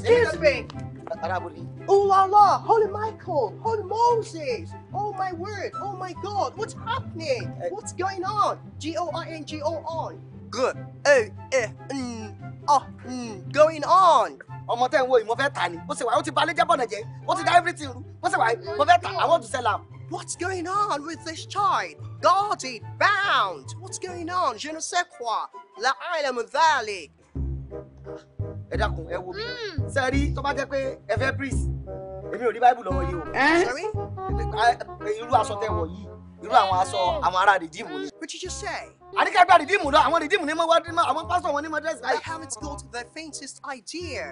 Excuse me. Oh la la, Holy Michael, Holy Moses, oh my word, oh my God, what's happening? Eh. What's going on? G O I N G O Good. Oh, eh, mm, oh, mm, going on. ọmọ tẹ́ ń wo ìmọ̀ fẹ́ tà ní ó sì wà ó ti balẹ̀ jábọ̀ nàjẹ́ ó ti dá everything rú ó sì wà mo fẹ́ tà I want to sell am. What's going on with this child? God is bound. What's going on? Je ne sais quoi. La isle of Valley. ẹ dákun ẹ wo mi sẹ́rí hmm. tó bá jẹ́ pé ẹ fẹ́ breeze èmi ò rí báíbù lọ́wọ́ yìí o irú aṣọ tẹ wọ̀ yìí irú àwọn aṣọ àwọn ará rìdíìmù ni. What did you say? àníkà gba rìdíìmù lọ àwọn rìdíìmù ni mo wá àwọn pásítọ̀ wọn ní mo dẹ́sí. I haven't got the faintest idea.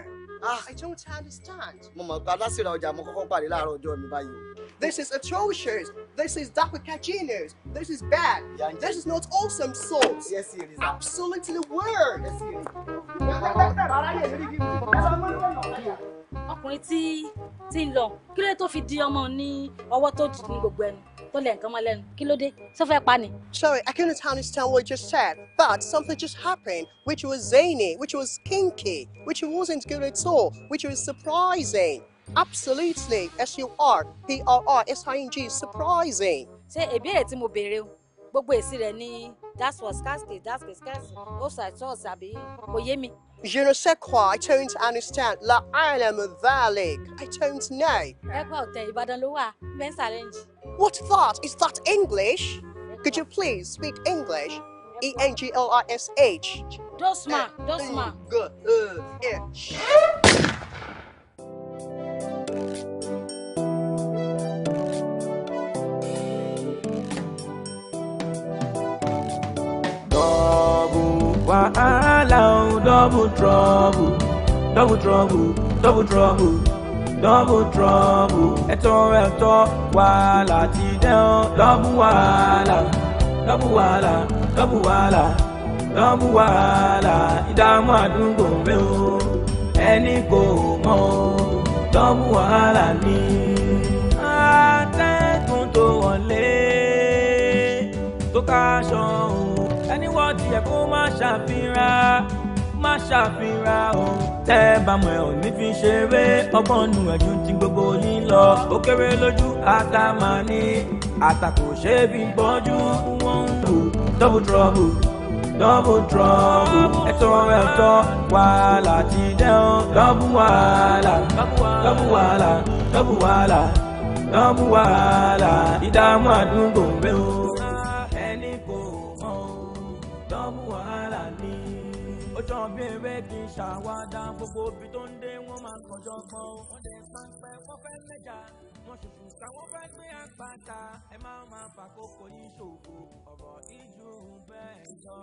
Ah. I don't understand. mo mọ̀ pé alásìrà ọjà mo kọ́kọ́ pàdé láàárọ̀ ọjọ́ mi báyìí This is atrocious. This is Dapper This is bad. This is not awesome salt. Yes, it is. Absolutely weird. Yes, it dé tó Sorry, I couldn't understand what you just said, but something just happened which was zany, which was kinky, which wasn't good at all, which was surprising. Absolutely, S-U-R, P-R-R, S-I-N-G, surprising. Ṣé ìbéèrè tí mo béèrè o? Gbogbo èsì rẹ̀ ni that's what scarcity, that's what scarcity, offside, source, àbí kò yé mi. Je ne sais quoi, I don't understand. La alam dhalik, I don't know. Ẹgbẹ́ ọ̀tẹ̀ Ìbàdàn ló wà, men challenge. What's that? Is that English? Could you please speak English? E N G L I S H. Dosma, dosma. Good. Uh, yeah. wàhálà o oh, double trouble double trouble double trouble double trouble ẹ̀tọ́ ẹ̀tọ́ wàhálà ti dẹ́ ọ́ oh, double wàhálà double wàhálà double wàhálà double wàhálà ìdààmú àdúgbò rẹ o oh, ẹni kò mọ̀ o double wàhálà ni atẹ́gùn tó wọlé tó ká aṣọ o. Ìjẹ̀bú má ṣàfihàn má ṣàfihàn o. tẹ́ ẹ bá mọ̀ ẹ́ ò ní fi ṣeré ọgbọ́n nu ẹ̀jú ti gbogbo yín lọ. ó kéré lójú ata máa ní àtàkù ṣé bí gbọ́njú wọ́n ń lù double trouble double trouble ẹ̀tọ́ ẹ̀tọ́ wàhálà ti dẹ́hùn double wàhálà double wàhálà double wàhálà double wàhálà ìdààmú àdúgbò ń bẹ́hùn. ṣàwádà gbogbo ibi tó ń dé wọ́n máa kọjọ kan wọ́n dẹ̀ pàǹpẹ́ wọ́n fẹ́ mẹ́jà wọ́n ṣùkú ká wọ́n gbé àpáta ẹ máa máa fàkókò yín ṣòfò ọ̀rọ̀ ìjù bẹ́ẹ̀ jọ.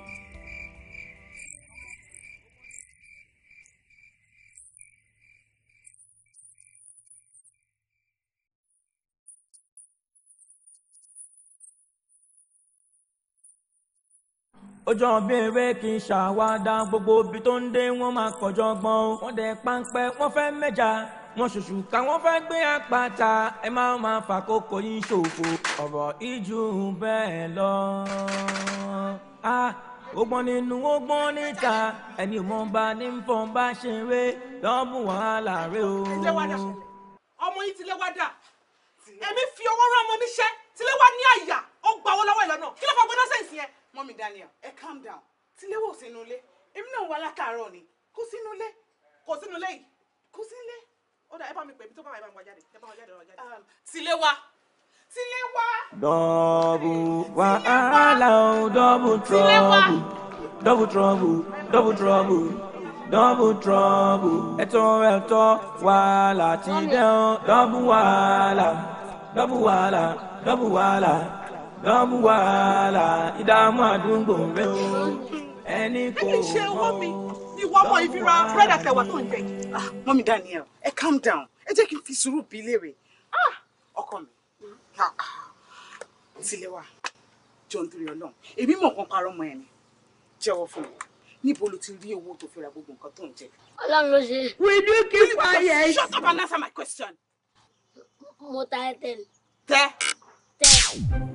ojú ọbẹ̀rẹ̀ kì í ṣàwádà gbogbo ibi tó ń dé wọ́n máa kọjọ́ gbọ́n wọ́n dẹ̀ páńpẹ́ wọ́n fẹ́ mẹ́ja wọ́n ṣoṣù ká wọ́n fẹ́ gbé àpáta ẹ máa máa fàkókò yín ṣòfò ọ̀rọ̀ ìjù bẹ́ẹ̀ lọ. ọgbọ́n nínú ọgbọ́n níta ẹni mọ̀ bá ní fọ́n bá ṣe eré lọ́ọ̀bù wàhálà rẹ o. ilé wa dà ọmọ yìí tilé wa dà èmi fi owó rán ọmọ níṣẹ́ tilé wa ní àyà ó gbà owó lọ́wọ́ ìlànà mọ́mí Daniel ẹ calm down tiléwò sínú ilé èmi náà wà látàárọ̀ ni kó sínú ilé kó sínú ilé yìí kó sínú ilé. ó dà ẹ bá mi pè mí tó bá wà ẹ bá mi wá jáde ẹ bá mi jáde ọ̀rọ̀ jáde. Um, tiléwa tiléwa. dọ́ọ̀bù wàhálà o dọ́ọ̀bù trọ́ọ̀bù dọ́ọ̀bù trọ́ọ̀bù dọ́ọ̀bù trọ́ọ̀bù dọ́ọ̀bù trọ́ọ̀bù ẹ̀tọ́ ẹ̀tọ́ wàhálà ti dẹ́ dọ́ọ̀bù wàhálà dọ́ọ̀bù wàhálà dọ́ọ̀bù wàhálà lọ́mú wàhálà ìdààmú àdúgbò rẹ o ẹni kò mọ. ṣé ọwọ́ mi ìwọ ọmọ ìfira búrẹ́dà tẹ̀wà tó ń jẹ. mọ́mí ah, Daniel ẹ calm down ẹ jẹ́ kí n fi sùúrù bí léèrè ah! ọkọ mi tilẹ̀ ah, wa jọ nítorí ọlọ́run èmi mọ̀ kan parọ́ mọ́ ẹ̀ ni jẹ́wọ́ fún mi níbo ló ti rí owó tó fi ra gbogbo nǹkan tó ń jẹ. ọlọ́run ló ṣe. we do keep quiet. shut up and answer my question. mo ta ẹ tẹ. tẹ. tẹ.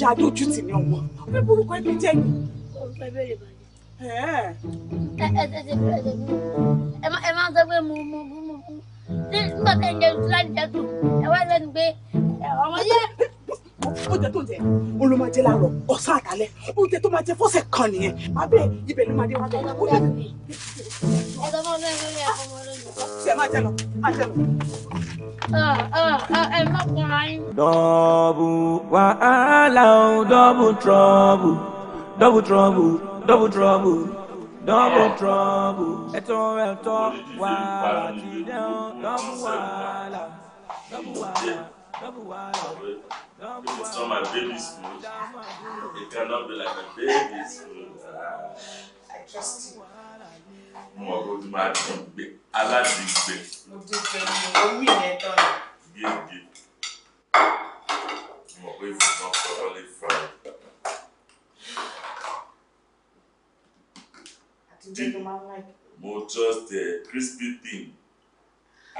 ìyá adójútì ni ọmọ ọmọ burúkú ẹbí jẹ́ mi. ẹ máa sọ pé mo mo mo mo nígbà tẹ̀ ń jẹ láti jẹ tó ẹ wá lẹ́nu pé ọmọ yẹ. oúnjẹ tó ń jẹ òun ló máa jẹ láàárọ̀ ọ̀sán àtàlẹ́ oúnjẹ tó máa jẹ fọ́sẹ̀ kan nìyẹn abẹ́ ibẹ̀ ló máa dé wájú ọ̀gá kúndà. ẹ sọ fún ọdún ẹgbẹ́ mi àfọmọ́ lónìí. ṣe máa jẹ lọ máa jẹ lọ. Double má oh, double trouble, double trouble, double trouble, double trouble. It's all well dọ́ọ̀bù trọ́ọ̀bù ẹ̀tọ́ ẹ̀tọ́ wàhálà ti dẹ́ o dọ́ọ̀bù wàhálà dọ́ọ̀bù it's not my baby smooth, it cannot be like my baby smooth. I trust you mo mọ̀ kó tó máa dùn gbé aládìgbé. mo dúpẹ́ ní orí ìyẹn tán ni. gbégbé mo mọ̀ pé ìfúnná fọwọ́ lè fà á. mo just uh, crispy thing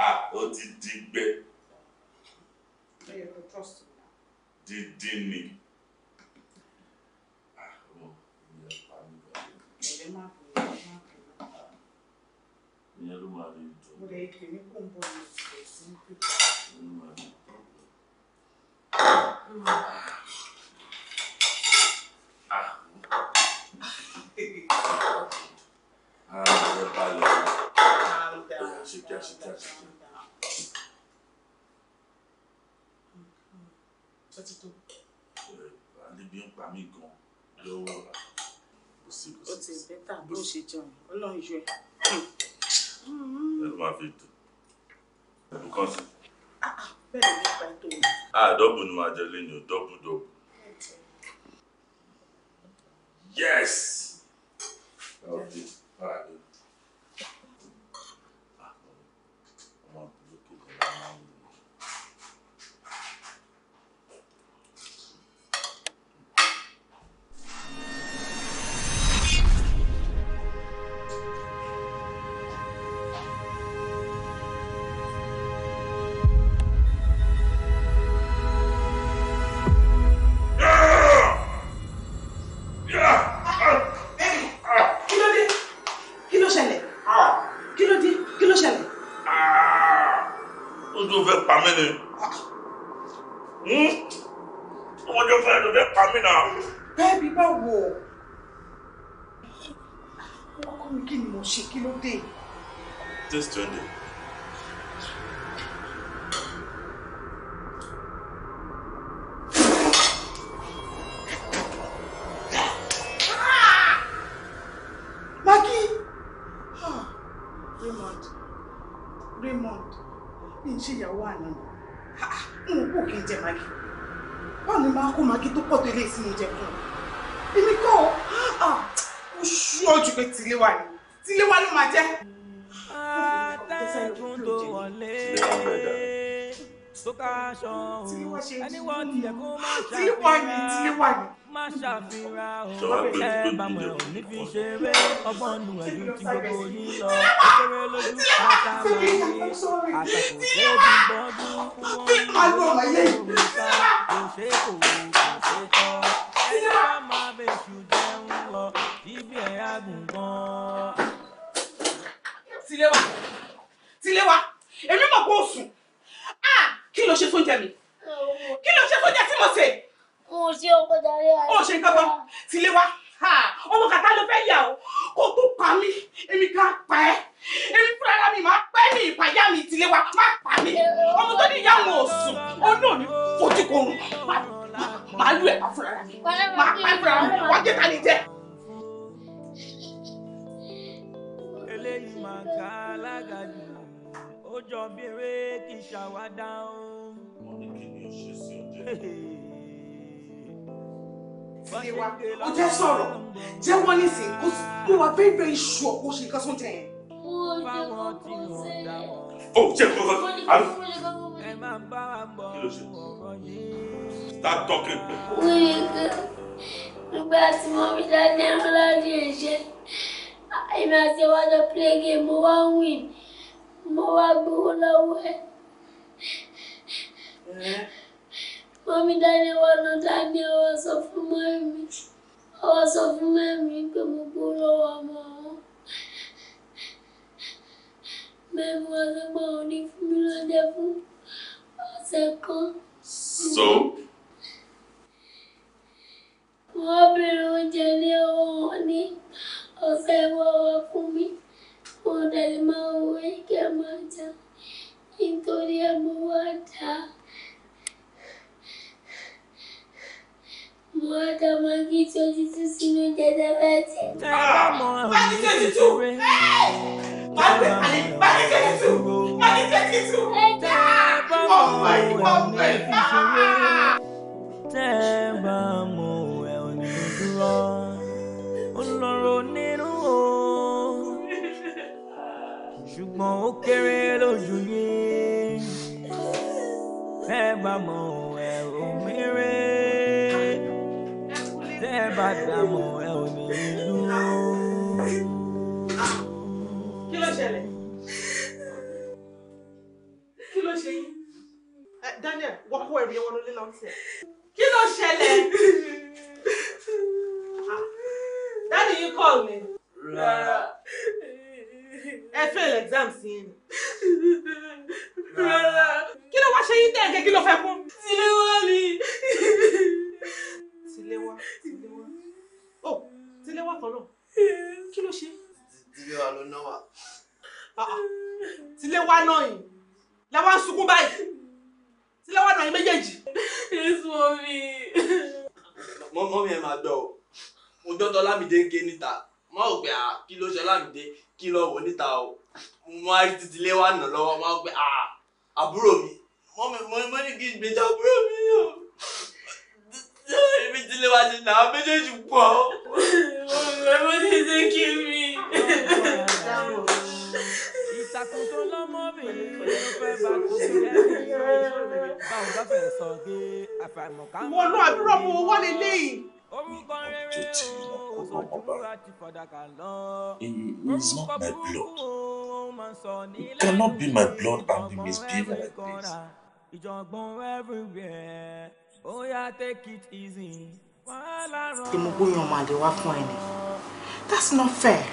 ah ó ti digbẹ. dídín ni. Ah, oh, ìyẹn ló máa rí ìtọ́. mo lè kí ní kó ń bọ̀ ní ìṣẹ̀lẹ̀ sí ń pípa. ìyẹn ló máa rí ìtọ́. ara rẹ balẹ̀ ọ̀hún ṣíkíá ṣíkíá ṣíkíá. Alibi ń pa mí gan lọ́wọ́. Ó ti bẹ́tà bó ṣe jẹun, Ọlọ́run yọ ẹ́ ẹ ló máa fi dùn ẹ̀bùn kan sí. Ah, ah, bẹ́ẹ̀ ni ìgbà tó yẹ. àdọ́bù ni ah, màá jẹ lẹ́yìn o dọ́bù dọ́bù. yes. Okay. twenty. this twenty. Ah, ìyàwó àná ni n kò kí n jẹ magi báwo ni máa kó magi tó pọ̀ tó ilé ìsinmi jẹ fún un èmi kọ́ ah, ọ́ aṣọ òun ẹni wọ́n tiẹ̀ kó ṣàfihàn má ṣàfihàn òun ẹ bàmọ̀ ẹ̀ òní fi ṣeré ọgbọ́n nu ẹ̀dùn tí gbogbo yín lọ kéré lójú kàkà máa ní àtàkùn tó ti gbọ́dún wọ́n ní òun kò ṣe kò kò ṣe tọ́ ẹni wọ́n máa bẹ̀ ṣù jẹun lọ ibi ẹ̀ agùn gan. Tilewa Tilewa èmi mọ̀ pé sùn kí ló ṣe fún jẹ mi kí ló ṣe fún jẹ tí mo ṣe. mo ṣe ọkọ darí ayé. O ṣe nǹkan kan tilé wa ọmọ kàtá ló fẹ́ yà ó kó tó pa mí èmi kan pa ẹ́ èmi fúnra ara mi máa pẹ́ ní ìpàyà mi tilé wa má pa mí ọmọ tó ní ìyá wọn ò sùn ó náà ní máa lù ẹ̀ pa fúnra ara mi máa pa fúnra ara mi wọ́n jẹ́ ni jẹ́. eléyìí máa ń alága jù ó jọ bí eré kì í ṣàwádà o. wọ́n ní kí ni o sí ọjọ́ tiwa o jẹ sọ̀rọ̀ jẹ wọn nísìn o mo wà bẹ́ẹ̀ bẹ́ẹ̀ iṣu ọkọ ṣe nǹkan sóúnjẹ yẹn. Oh, o jẹ kó kan alo kí ló ṣe start talking. nígbà tí mo fi dá ní ẹ̀rọ láti ẹ̀ṣẹ́ èmi àti ẹ̀wájọ play game mo wá win mo wá gbowó lọ́wọ́ ẹ̀. mọ́mí dání wà ló dání ọwọ́ sọ fún mọ́mí ọwọ́ sọ fún mọ́mí pé mo gbowó lọ́wọ́ ọmọ ọ̀hún. mẹ́mi wá sí pé òun ní fún mi lọ́jọ́ fún ọ̀sẹ̀ so. wọ́n bèrè oúnjẹ ní ọwọ́ wọn ní ọ̀sẹ̀ wọ́wọ́ mo dẹ̀lẹ̀ máa wọ ẹ̀kẹ́ máa jà nítorí ẹ̀ mo wá dà á. mo wá dà máa kí tí ojú tún sínú oúnjẹ tẹ́lẹ̀ tì. máa kí tí ṣùgbọ́n ó kéré lójú yín ẹ bá mọ ẹ ò ẹ bá dààmú ẹ ò ìlú. kí ló ṣẹlẹ̀ kí ló ṣe yín Daniel wọ́n kó ẹ̀rí ẹ̀wọ̀n lólé lọ́wọ́ tiẹ̀ kí ló ṣẹlẹ̀ dáàdi yín kọ́ mi. rárá ẹ fail exam sí yín ni. kí ló wá ṣe yín tẹ̀gẹ́ kí ló fẹ́ kún. tiléwá ni. tiléwá tiléwá ó oh, tiléwá kan náà kí ló ṣe. tiléwá ló náwà. Ah, ah. tiléwá náà yìí làwọn ń sunkún báyìí tiléwá náà yìí méjèèjì. èso mi. mọ́mí ẹ̀ máa dọ̀ o mo dọ́tọ̀ lámìdé ń ké níta mo rò pé ah kí ló ṣe Ọlámídé kí lọ wò níta o mo á rí títí lé wà nà lọ́wọ́ mo rò pé àbúrò mi mo mo ní kí n gbèjà àbúrò mi o èmi ti lé wa ṣe nà á méjèèjì pọ̀ mo ní ṣe kí mi. mo lọ àbúrò mo wọlé léyìí orúkọ rere o sojú àti fàdákà lọ orúkọ burúkú o máa sọ nílẹ̀ lórí ọmọ rẹ kọ́ra ìjọ̀gbọ́n everywhere ó yá take it easy wàhálà rọ. ìmúgbóyan ọmọ àdéhùn wá fún ẹ ní that's not fair.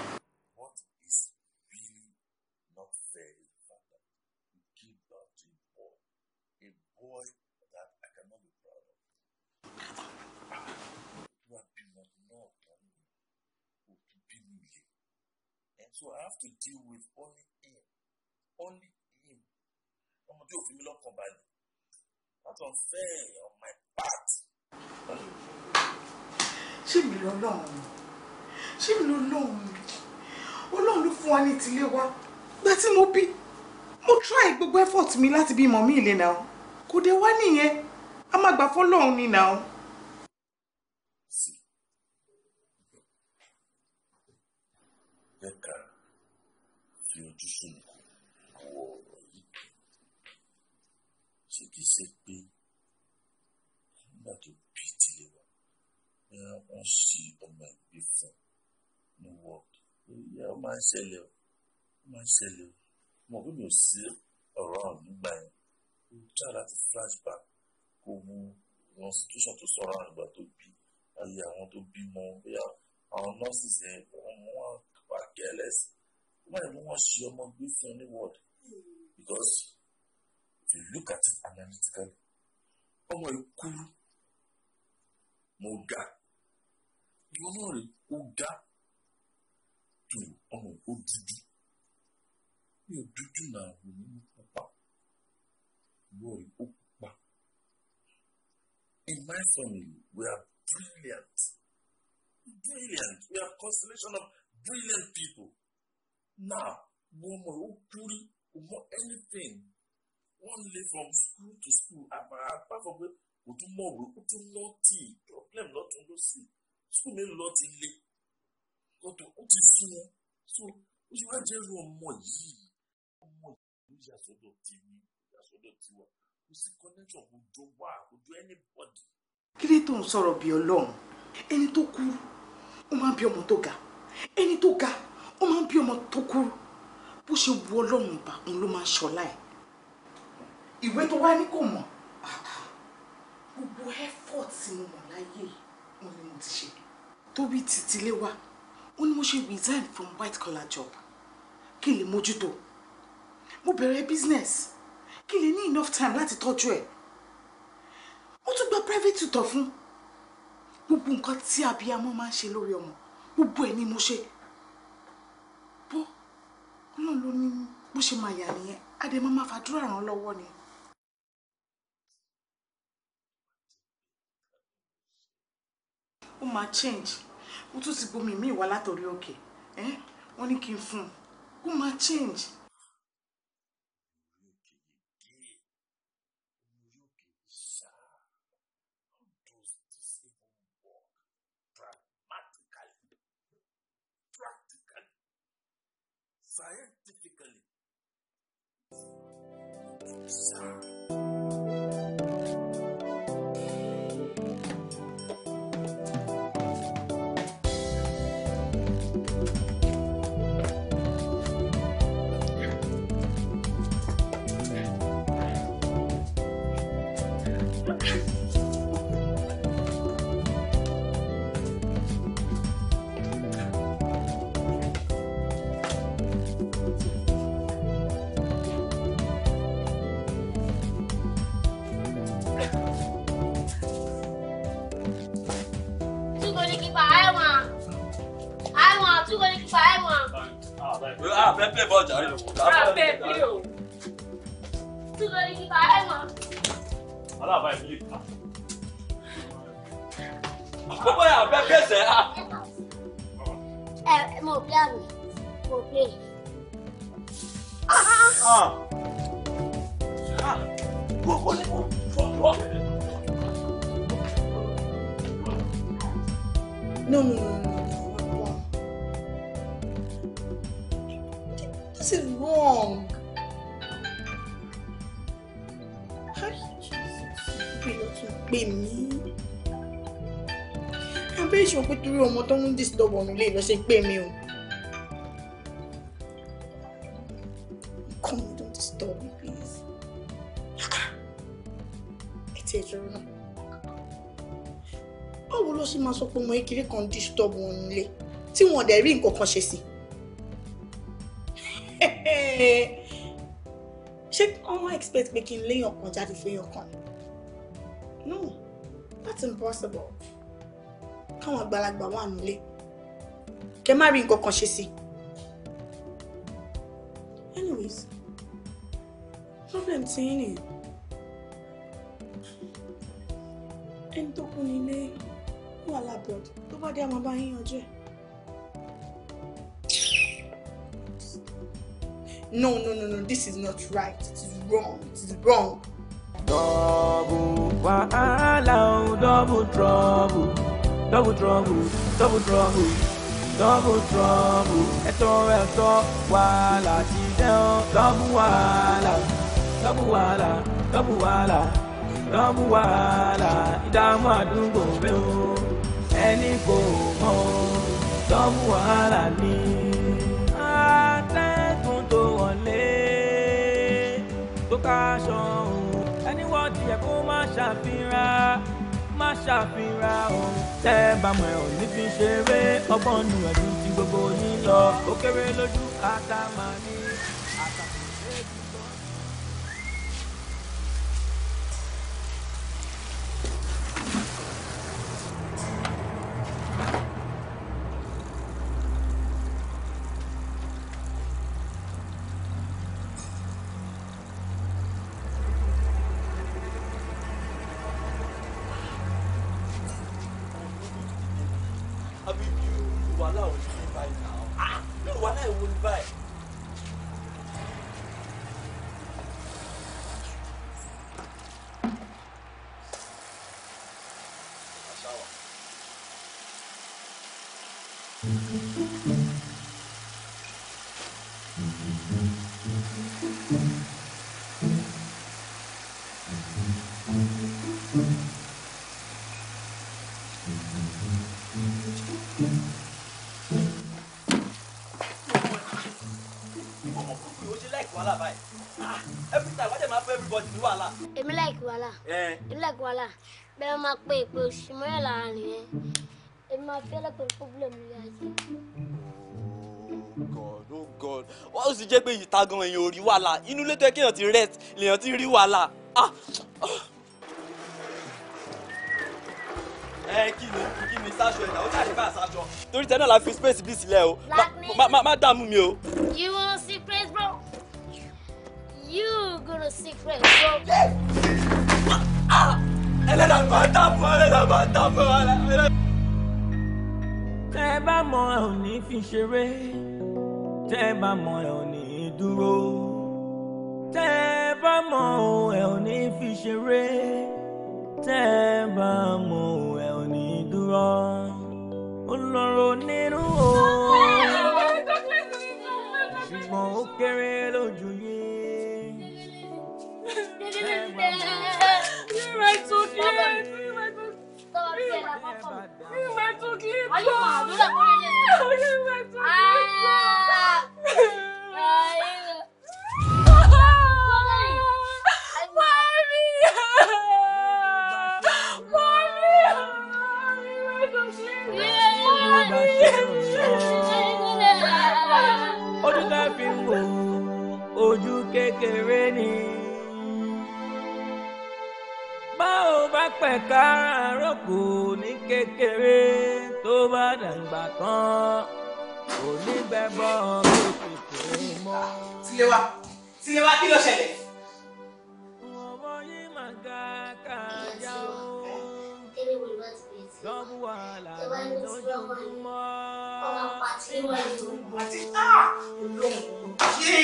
So I have to deal with only him. Only him. Ọmọ tí òfin mi lọ́kàn balẹ̀. That's unfair on my part. Ṣé mi lọ lọ́hùn? Ṣé mi lọ lọ́hùn? Ọlọ́run ló fún wa ní ìtìlé wa. Gba tí mo bí. Mo try gbogbo effort mi láti bímọ mi ìlé náà. Kò dé wá nìyẹn. A máa gbà fọ́lọ́run ni náà. kì í ṣe pé nígbà tó bí ìdílé wa ẹran wọn ṣí ọmọ ìgbé fún ní wọ́ọ̀kì ìyá ọ máa ń ṣẹlẹ̀ ọ máa ń ṣẹlẹ̀ ọ mo kí mi sí ọ̀rọ̀ ọ̀hún nígbà yẹn ó tà láti flashback kó wu wọn situation tó sọ̀rọ̀ àwọn ìgbà tó bí ayé àwọn tó bímọ bóyá àwọn nọ́ọ̀sì yẹn wọ́n mú wọn wá kẹ́lẹ́sì wọ́n mú wọn ṣí ọmọ gbé fún ní wọ́ọ̀dì because to look at it analytically ọmọ yìí kúrú mo ga ìwọ náà rí ó ga tó ọmọ ó dúdú mi ò dúdú náà wò ní pupa ìwọ rí ó pupa in my family we are brilliant brilliant we are constellation of brilliant people now wọ́n mọ̀ ó kúrú kò mọ anything wọ́n lé from school to school àbàrà apá fọ pé kò tún mọ̀ wí kó tún lọ́ tì í problem lọ́tún ló sì school mi lọ́ ti lé kótó ó ti sún wọn so ó ti wá jẹ́ irú ọmọ yìí ọmọ yìí ló yà sọ́dọ̀ tèmi yà sọ́dọ̀ tiwa kò sí connection kò jọ wá kò jọ anybody. kí ló tó ń sọ̀rọ̀ bí ọlọ́run ẹni tó kú ó máa ń bí ọmọ tó ga ẹni tó ga ó máa ń bí ọmọ tó kú bó ṣe wu ọlọ́run ìbàkún ló máa ń ṣọlá ẹ̀ ìwé tó wá ní kò mọ̀ gbogbo effort tí mo mọ̀ láyé yìí wọn ni mo ti ṣe torí títílé wa ó ní mo ṣe resign from white collar job kí n lè mójútó mo bẹ̀rẹ̀ business kí n lè ní enough time láti tọ́jú ẹ̀ mo tún gba private tutor fún gbogbo nǹkan tí abiyamọ máa ń ṣe lórí ọmọ gbogbo ẹ̀ ni mo ṣe bó ọlọ́run ló ní bó ṣe máa yà nìyẹn adé máa máa fàdúrà ràn lọ́wọ́ ni. ó máa change ó tún ti gbomi míì wá látọ̀rí òkè wọ́n ní kí n fún un ó change. scientifically. Sorry. bọ̀ jàre o. abẹ́ mi o. tí lórí kíkọ ẹ mọ. aláàbá ẹ̀ mi lè ta. àkókò yà bẹ́ẹ̀ bẹ́sẹ̀ á. ẹ mo bí àmì mo bí. wọnú ilé lọ ṣe gbé mi o. Come don't disturb me please. Ẹ ti ẹ̀ jọrọ náà. Báwo ló ṣe máa sọ pé ọmọ ìkiri kan disturb wọn nílé tí wọn dẹ̀ rí nǹkan kan ṣe sí? Ṣé ọmọ expect pé kí n léyàn kan jáde fẹ́yàn kan? No, that's impossible. Káwọn àgbàlagbà wà nílé kẹ má rí nǹkan kan ṣe sí. anyways problem ti ń nìyẹn ẹni tó kú nílé wà lábọ́ọ̀dù tó bá dé àwọn bá yín yanjú ẹ̀. No, no, no, no, this is not right. It is wrong. It is wrong. Double wahala, double trouble, double trouble, double trouble double trouble ẹ̀tọ́ ẹ̀tọ́ wàhálà ti dẹ́ ọ́ double wàhálà double wàhálà double wàhálà double wàhálà ìdààmú àdúgbò bẹ́ o ẹni kò mọ̀ double wàhálà ni atẹ́gùn tó wọlé tó ká aṣọ òun ẹni wọ́n ti yẹ kó ṣàfihàn má ṣàfihàn o tẹ́ ẹ bá mọ̀ ẹ́ ò ní fi ṣeré ọgbọ́n nu ẹ̀dùn tí gbogbo yín lọ ó kéré lójú kàtà Kwala ìpínlẹ̀ Kwala bẹ́ẹ̀ máa pe ìpè oṣù mẹ́rẹ̀lá rìn yẹn èmi máa fi ẹlẹ́pẹ̀ problem ilé ayé. Oh God oh God wọ́n sì jẹ́ pé ìta gan èèyàn ò rí wàhálà inú ilé tó yẹ kéèyàn ti rest lèèyàn ti rí wàhálà. Ah! Ah! ẹ kí ni kí ni sáṣọ ẹ̀dá ó jáde bá sáṣọ. torí tẹ náà la fi space bí sílẹ̀ o má dààmú mi o. you wan see praise bro you gonna see praise bro ẹlẹ́dàá bá dàpọ̀ ẹlẹ́dàá bá dàpọ̀ ẹlẹ́dàá. tẹ́ ẹ bá mọ̀ ẹ ò ní fi ṣeré tẹ́ ẹ bá mọ̀ ẹ ò ní dúró tẹ́ bá mọ̀ ẹ ò ní fi ṣeré tẹ́ bá mọ̀ ẹ ò ní dúró ó lọ́rọ̀ nínú o ṣùgbọ́n ó kéré. Dito! Ay, madula ko na yan. Ayun, Ah! Ay! Mommy! Mommy! Ojú tá fi ń wò, ojú kékeré ni ò bá pẹ̀ka àròkù ní kékeré tó bá dàgbà tán kò ní bẹ́bọ̀ kékeré mọ́. tilewa tilewa kí ló ṣẹlẹ̀. ọmọ yìí máa ga kájà ó. lọ́bù wà láàrin lójoojúmọ́. ọmọ pàtí wà ah! ah! ló ń bọ̀. àti olóhùn ṣe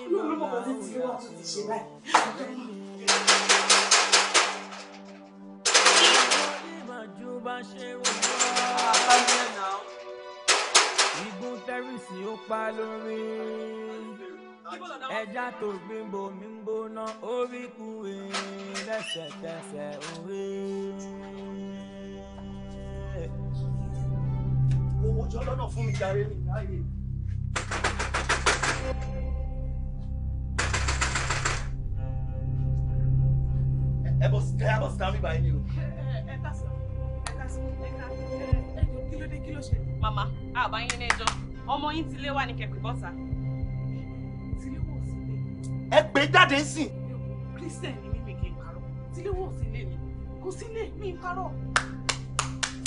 olóhùn bàbá tí tilewa ti ṣe báyìí. bá ṣe wọ́n. àbájẹ́ náà. igun tẹ́rìsì ó pa lórí. ẹja tó gbìngbò mi ń gbóná orí kú lẹ́sẹ̀kẹsẹ̀ òwe. owó jọ lọ́nà fún mi jàre mi láàyè. ẹ bọ̀ sí ká mi báyìí o. ló dé kí ló ṣe. màmá àbá yín ní ẹjọ́ ọmọ yín ti lé wà ní kẹ̀kẹ́ bọ́ta. tiléwò sí lé. ẹ gbé jáde sí. christian ni mímì kì í parọ́ tiléwò sí lé mi kò sí lé mi ń parọ́.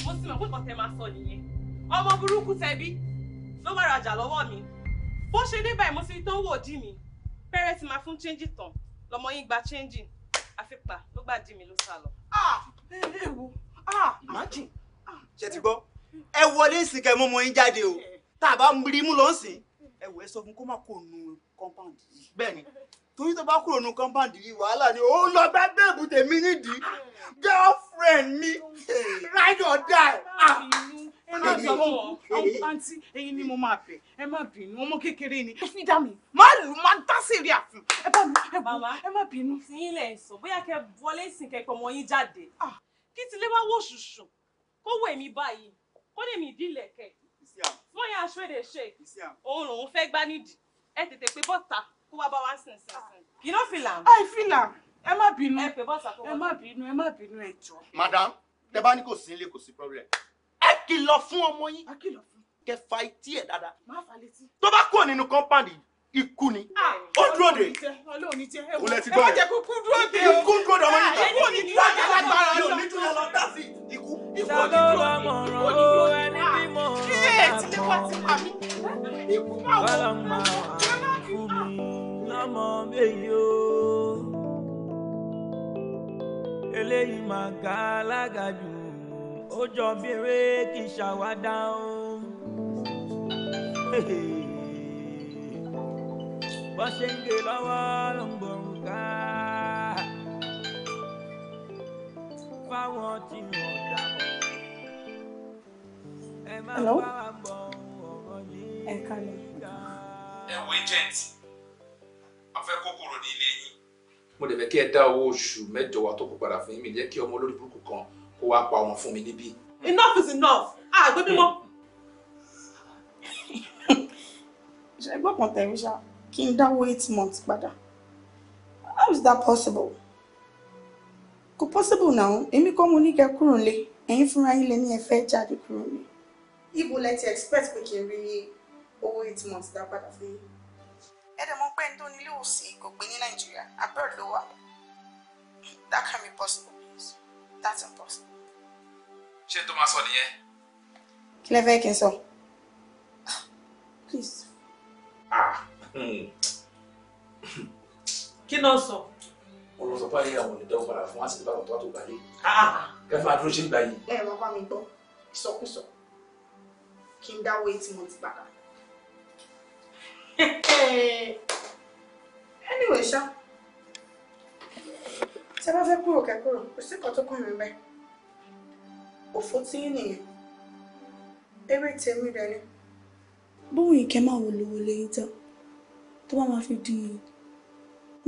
mo ti mọ̀ pé kọ̀tẹ́ máa sọ nìyẹn ọmọ burúkú tẹbí ló wá rajà lọ́wọ́ mi bó ṣe dé báyìí mo ti tó wò dí mi pẹ́rẹ́ ti máa fún chẹ́ńjì tán lọmọ yín gba chẹ́ńjì àfipá ló gbà dí mi ló sá lọ. ah ẹ ẹ wo ah imagine. Ah! ṣé ti gbọ́ ẹ wọlé sí kẹ mọmọ yín jáde o tá a bá ń rí mú lọ sí ẹ wọ ẹ sọ fún kó má kó nu compound yìí bẹ́ẹ̀ ni torí tó bá kúrò nu compound yìí wàhálà ni ó lọ bá bẹẹbù tèmi nídìí girlfriend mi ride or die ah. àwọn pàǹtí ẹ̀yin ni mo máa bẹ̀ ẹ má bínú ọmọ kékeré ni ẹ fi dá mi má lù má dásìrì àfún ẹ bá mi ẹ bọ ẹ má bínú. tìyín lẹ sọ bóyá kẹ wọlé ìsìn kẹpẹ ọmọ yín jáde ah. kí tilé wá wò ṣùṣù kó wọ èmi báyìí kó lè mí dílẹ̀ kẹ̀ wọ́n yẹn aṣọ èdè ṣe òun lòun fẹ́ gbá nídìí ẹ tètè pé bọ́ta kó wá bá wá sìn sìn sìn you no feel am. i feel am ẹ má bínú ẹ má bínú ẹ má bínú ẹ jọ̀ọ́. madam tẹ bá ní kò sí nílé kò sí problem ẹ kìlọ̀ fún ọmọ yín kẹ fa etí ẹ dáadáa tó bá kúrò nínú compound ikú ni ah, ó dúró de kò lẹ ti gbọ́ yẹn ikú dúró de ikú dúró de ọmọ yìí ah, ikú ni dúró de lágbára yóò ní dúró lọ dá sí ikú ikú ni dúró de ikú ni dúró de kí ẹ ti wá ti pa mí ikú máa wọ kí ẹ lọ́mọ bẹ́yìí o eléyìí máa ga alága jù ó jọ bí eré kì ṣàwádà o bó ṣe ń gé lọ́wọ́ ló ń borùn ká fáwọn tí wọ́n dà bọ̀ ẹ má bá a bọ̀ ọ̀rọ̀ yìí ká. ẹ̀wọ̀ agent a fẹ́ kó kúrò ní ilé yín. mo lè fẹ́ kí ẹ dá owó oṣù mẹ́jọ wa tó kó padà fún mi jẹ́ kí ọmọ olórí burúkú kan kó wá pa wọn fún mi níbí. enough is enough àgbẹ̀bímọ. Ah, ṣe é gbọ́ kan tẹ̀mí ṣáà kí n dáwó eight months padà how is that possible kò possible now èmi kọ́ mo ní kẹ́ kúrò nílé ẹ̀yin fúnra yín lẹ ní ẹ fẹ́ jáde kúrò nílé ibo lẹ ti expect pé kí n rí owó eight months dá padà fún yín ẹ dẹ̀ mọ̀ pé ẹni tó nílé ò sí kò gbé ní nàìjíríà abroad ló wà that can be possible please that's impossible. ṣé tó máa sọ nìyẹn. kí lẹ fẹ́ kí n sọ please. ah Hmm. kí náà sọ. mo lọ sọ fáyé àwọn onídàá òpàdà fún àti ìbára tó wà tó gbàlè ah, ah. kẹfà àdúró ṣe ń gbà yìí. ẹ wọn bá mi gbọ́ ìsọkúsọ kí n dáwọ́ etí mo ti padà. anyway ṣá tí a bá fẹ́ kúrò kẹ́kúrò kò sí kan tó kàn mí bẹ́ẹ̀ òfò tí ń nìyẹn eré tèmi rẹ ni. bóun ìkẹ́ máa wo lówó lẹ́yìn tán tó bá máa fi di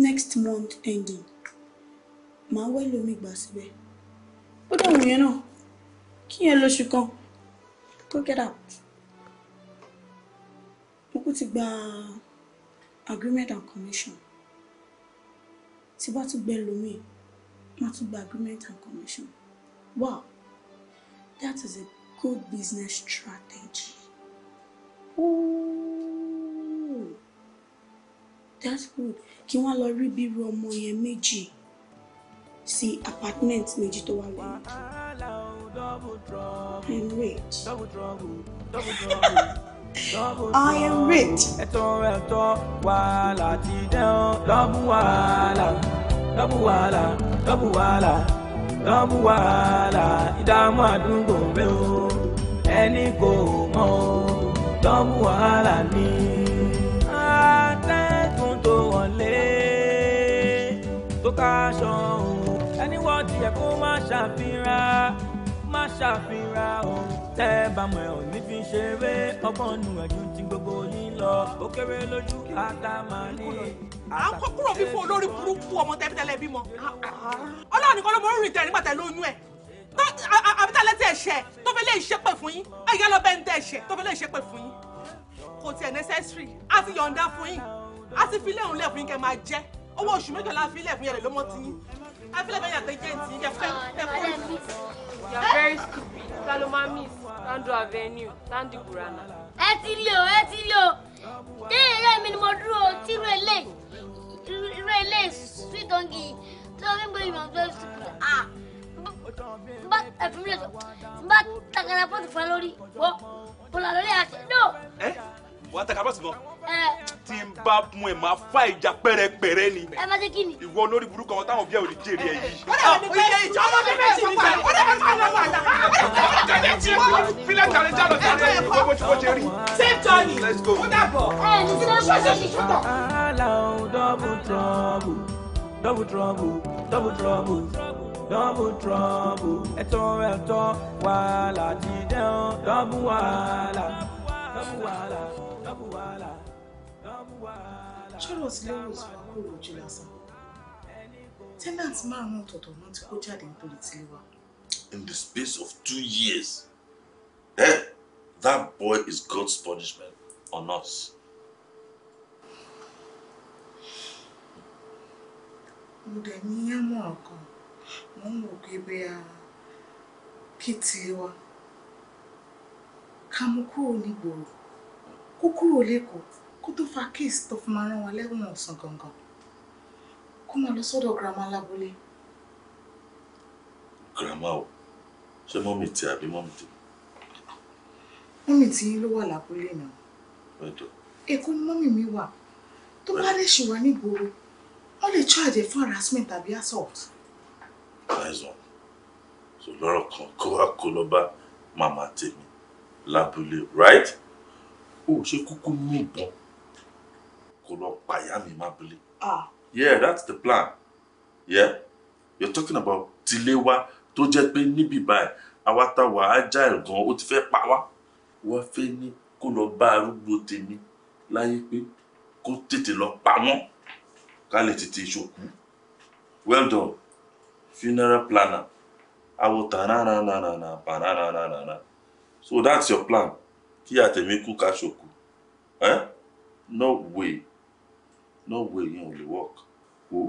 next month ending màá wẹ́ lómi gbà síbẹ̀ ó dẹ̀wù yẹn náà kí yẹn lóṣù kan go get out mo kú ti gba agreement and commission tí bá tún gbẹ lómi máa tún gba agreement and commission wow that is a good business strategy. Ooh that's good kí wọ́n lọ rí bírú ọmọ yẹn méjì sí apartment méjì tó wà lẹ́yìn. I'm rich. I am rich. ẹ̀tọ́ ẹ̀tọ́ wàhálà ti dán lọ́bù wàhálà lọ́bù wàhálà lọ́bù wàhálà lọ́bù wàhálà ìdààmú àdúgbò rẹ̀ o ẹni kò mọ̀ ọ́ lọ́bù wàhálà ni. káṣọ o ẹni wọ́n ti yẹ kó má ṣàfihàn má ṣàfihàn o tẹ́ ẹ bá mọ̀ ẹ́ ò ní fi ṣeré ọgbọ́n nù ẹ̀jú ti gbogbo yín lọ ó kéré lójú àtàmánì. à ń kọ kúrò fífọ olórí burúkú ọmọ tẹ́lẹ̀ bímọ ọlọ́run nìkan ló mọ orí ìtẹ̀rí nígbà tẹ̀ lóyún ẹ̀ àbítálẹ́ tẹ̀ ṣẹ̀ tó fẹ́ lè ṣe pẹ̀ fún yín ẹ̀yà lọ bẹ́ẹ̀ ń tẹ̀ ṣẹ̀ tó fẹ́ lè ṣe pẹ̀ fún yín kò tiẹ̀ necessary a ti yọ̀ǹda fún yín a ti fi léèrún lẹ̀ fún yín kẹ́ máa jẹ́ owó oṣù mẹ́jọlá afilẹ̀ fún yẹrẹ ló mọ́ tí afilẹ̀ bẹ́ẹ̀ yàtọ̀ jẹ́ ti yẹ fẹ́ fẹ́ fún mi. you are very stupid saloma miss tando avenue tandi burana. ẹ ti lè o ẹ ti lè o déèrè mi ni mo dúró tírú eléyìí irú eléyìí sweet ongi tí o fi ń gbé ìmọ̀ very stupid ah bá ẹ̀fún mi lè sọ bá takara pọ́ọ̀tù fún wa lórí wọ́ bọ́lá lórí àti no wà á ta kábàsì gan. tí n bá mú ẹ fa ìjà pẹ́rẹpẹ́rẹ ni. ẹ má ṣe kí ni. ìwọ olórí burúkú ọmọ táwọn bí ò ní jèrè ẹ yìí. ó yẹ ìjà ọmọ bíbẹ ti ń jà ó dẹ́gbẹ́ fún àwọn àgbà. ó dẹ́gbẹ́ ti ń filẹ̀ jàre jàre jàre ìwọ bó ti bó ti rí. save journey ó dàbọ̀. ẹ ẹ ti lọ ṣọ́ọ̀ṣì ṣùṣùtọ̀. double trouble double trouble double trouble ẹ̀tọ́ ẹ̀tọ́ wàhálà ti dẹ́ double wàhálà double wàhálà sọ̀rọ̀ sílé ìwòsàn wa kò lójú lásán tenant márùn-ún ọ̀tọ̀ọ̀tọ̀ náà ti kó jáde nítorí tílé wa. in the space of two years eh, that boy is God's punishment on us. mo dẹ̀ ní yánmọ̀ràn kan mo ń wò pé bóyá kí tílé wa ká kúrò nígboro kó kúrò lẹ́kọ̀ọ́ kó tó fa kéèsì tó fi máa rán wọn lẹ́wọ̀n ọ̀sán gangan kó máa lọ sọ́dọ̀ girama lábúlé. girama o ṣé mọ́mì tí àbí mọ́mì tí. mọ́mì tí ló wà lábúlé náà. èkó mọ́mì mi wà tó bá lè ṣì wà nígboro wọ́n lè charge fún harassment tàbí assault. àìsàn sọ lọ́rọ̀ kan kó wá kó lọ bá màmá tèmi lábúlé right o ṣe kúkú mú ìbọn kó lọ pa ìyá mi má bele. yeah that's the plan yeah you're talking about tiléwá tó jẹ́ pé níbí báyìí àwa táwa ajá ẹ̀gàn ó ti fẹ́ pa wá wá fẹ́ ní kó lọ bá arúgbó tèmi láyé pé kó tètè lọ pa wọ́n ká lè tètè ṣòkú well done funeral planner awo tananananana banananana so that's your plan kí àtẹ̀mí kú ká ṣòkú ẹ́ no way no way yẹn ò lè work o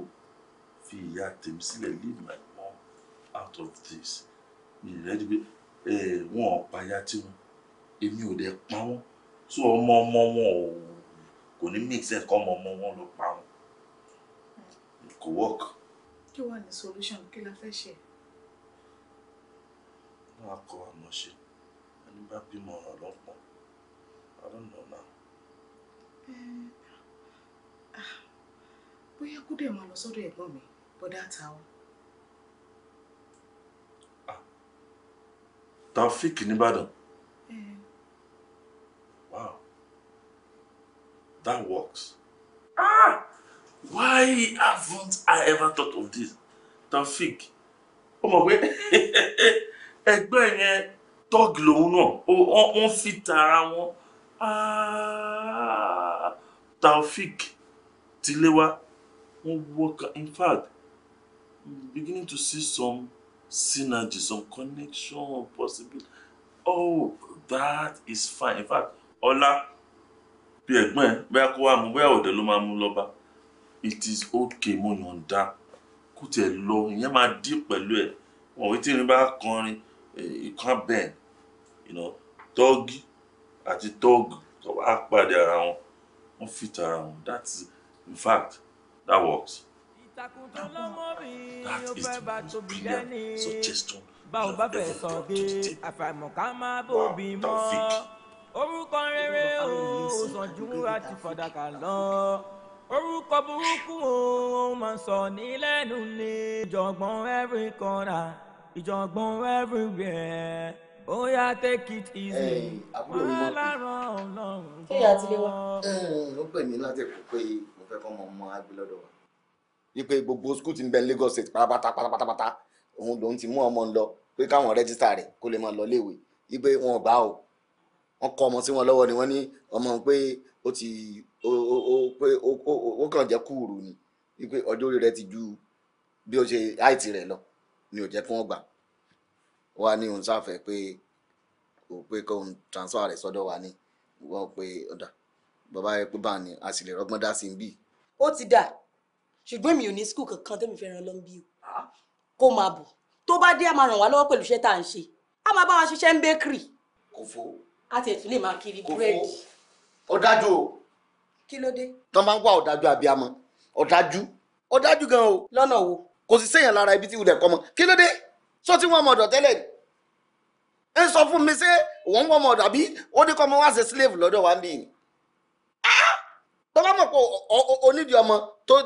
fi ìyá tèmi sílẹ̀ leave my mom out of this ìrẹ́dí pé ẹ wọn paya tí wọn èmi ò dẹ̀ pa wọn tí ọmọ ọmọ wọn ò kò ní make sense kọ́ ọmọ ọmọ wọn lọ pa wọn kò work. kí wàá ní solution kí la fẹ́ ṣe. wọn á kọ àmọ́ ṣe ẹni bá bímọ ọ̀rọ̀ lọ́pọ̀ I don't know now. Eh, ah, Bóyá kó dẹ̀ máa lọ sọ́dọ̀ ẹ̀gbọ́n mi, bọ́dá ta ọ. Ah, Taofik nìbàdàn. Eh. Wow. That works. Ah! Why haven't I ever thought of this? Taofik. Oh my God. ẹgbẹ́ yẹn tọ́gì lòun náà, wọ́n fi tara wọn ah, taofik tiléwá wọ́n work in fact beginning to see some synergy some connection possible oh that is fine in fact ọlá bí ẹ̀gbọ́n are bóyá kó wá mu bóyá òde ló máa mú lọ́ba it is okay mo yọ̀ǹda kó tiẹ̀ lọ ìyẹn máa dí pẹ̀lú ẹ̀ wọ̀nyí tí mi bá kọrin eh, You know, tọ́gí àti tóògù tó bá pàdé ara wọn wọ́n fit ara wọn that is in fact that works. that is the most brilliant suggestion báwo bá fẹ́ sọ pé àfàìmọ̀ ká má bòbí mọ́ orúkọ rere o sàn ju wúrà lọ orúkọ burúkú o máa sọ ní lẹ́nu ní ìjọ̀gbọ́n every corner ìjọ̀gbọ́n everywhere ó yá take it easy wọn láràn Ọlọ́run bọ. ṣé ó pè mí láti kó pé mo fẹ́ kọ́ ọmọ ọmọ agbè wa wípé gbogbo skul ti ń bẹ Lagos State pátápátá pátápátá òun lòun ti mú ọmọ lọ pé káwọn rẹ́jísítà rẹ̀ kó lè máa lọ léèwé wípé wọn ò bá wọn kọ ọmọ sí wọn lọ́wọ́ ni wọ́n ní ọmọ pé ó ti pé ó kàn jẹ́ kúrú ni wípé ọjọ́ orí rẹ̀ ti ju bí ó ṣe háìtì rẹ̀ lọ ni ò jẹ́ kí wọ́n gbà wá ní òun ṣàfẹ́ pé kò pé kó òun transfer rẹ̀ sọ́dọ̀ wa ní wọ́n pé ọ̀dà bàbá yẹ pé bá ní a sì lè rọ́gbọ́n dá sí bí. ó ti dà ṣùgbọ́n mi ò ní skul kankan tẹ́mi fẹ́ ràn lọ́nbí o ah. kó máa bọ̀ tó bá dé a máa ràn wá lọ́wọ́ pẹ̀lú iṣẹ́ tá à ń ṣe a máa bá wa ṣiṣẹ́ ń bẹ́kìrì. kò fo. a tiẹ̀ tún lè máa kiri búrẹ́dì. kò fo ọ̀dájú o. kí ló dé. tọ́ máa ń wá ọ̀dájú àbíamọ ọ̀dájú ọ̀dájú gan o. lọ́nà wo. kò sì séèyàn lára ibi tí wulẹ̀ kọ́ mọ kí ló dé sọ tí wọ́n mọ̀ ọ̀dọ̀ tẹ́lẹ̀ ni ẹ sọ fún mi ṣé òun wọ́n àbí ó ní kọ́ ọmọ wá ṣe slave lọ́dọ̀ wa ń bì ní tó bá mọ̀ pé onídìí ọmọ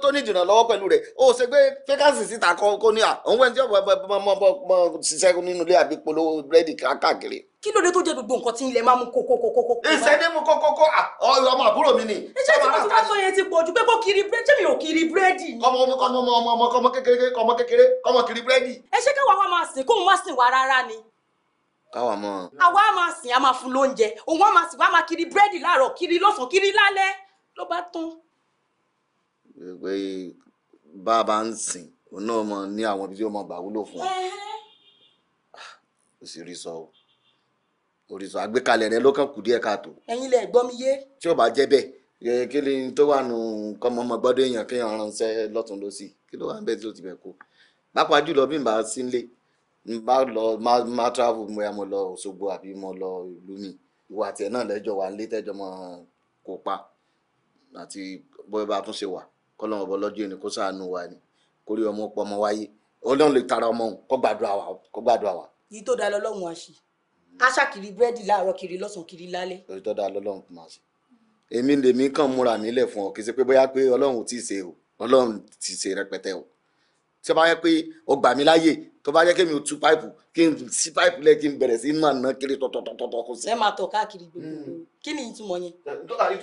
tó ní ìdìrànlọ́wọ́ pẹ̀lú rẹ̀ ó ṣe pé fẹ́kàsì síta kó ní à òun wẹ́n tí ọ̀bọ̀ ọmọ ṣiṣẹ́ nínú ilé àbí polówó búrẹ́dì káàkiri. kí ló dé tó jẹ gbogbo nǹkan tí ilẹ̀ máa mú kókókókó. iṣẹ́ ní mú kókókó ọmọ àbúrò mi ni. iṣẹ́ tí mo ti wá sọ yẹn ti pọ̀ ju pé kó kiri búrẹ́dì mi ò kiri búrẹ́dì. ọmọ kékeré ọmọ kékeré ọmọ kiri búrẹ́dì. ẹ ṣé káwa wa máa sìn kóun má sìn wa rárá ni káwa mọ. àwa máa sìn a máa fún lóúnjẹ òun á máa sìn wá máa kiri búrẹ́dì láàárọ̀ kiri lọ́sàn-án kiri lálẹ́ ló bá tán. pé bá a bá ń sìn òun náà mọ ní àwọn ibi tí ó mọ gbà wúlò fún ọ ó sì rí sọ o òrìṣà àgbékalẹ̀ rẹ ló kàn kù díẹ̀ káàtó. ẹ̀yin lẹ gbọ́ mi yé. tí ó bá jẹ́ bẹ́ẹ̀ kí ni tó wà nù kọ́mọmọ gbọ́dọ̀ èèyàn kéèyàn ránṣẹ́ lọ́tún lọ́sì kí ló wà ń bẹ́ẹ̀ tí ó ti bẹ̀ kó pápá jùlọ bí n bá sí ń lé n bá lọ má travel mo ya mo lọ Òṣogbo àbí mo lọ ìlú mi ìwà tiẹ̀ náà lẹ́jọ́ wà ń lé tẹ́jọ́ mọ́ kópa àti bóyá bá tún ṣe wà kọ́lọ́n ọ̀bọ lọ́jọ́ ìní kó ṣàánú wa ni kórí ọmọ pọ̀ ọmọ wáyé ọlọ́run lè tara ọmọ òun kó gbàdúrà wa yìí tó da lọ́lọ́run àṣì aṣá kiri búrẹ́dì láàárọ̀ kiri lọ́sàn-án kiri lálẹ́. èyí tó da lọ́lọ́run kò máa ṣe èmi lèmi kàn múra mi lẹ̀ fún ọ kì í ṣe pé bóyá pé ọlọ́run ò tí ṣe o ọlọ́run ti ṣe rẹpẹtẹ o tí ó bá yẹ pé o gbà mí láàyè tó bá yẹ kí mi ò tú páìpù kí n sí páìpù lẹ kí n bẹ̀rẹ̀ sí máa ná kiri tọ̀tọ̀tọ̀tọ̀ kò sí. ẹ máa tọ káàkiri gbogbo hmm. kí ni ìtumọ̀ yẹn.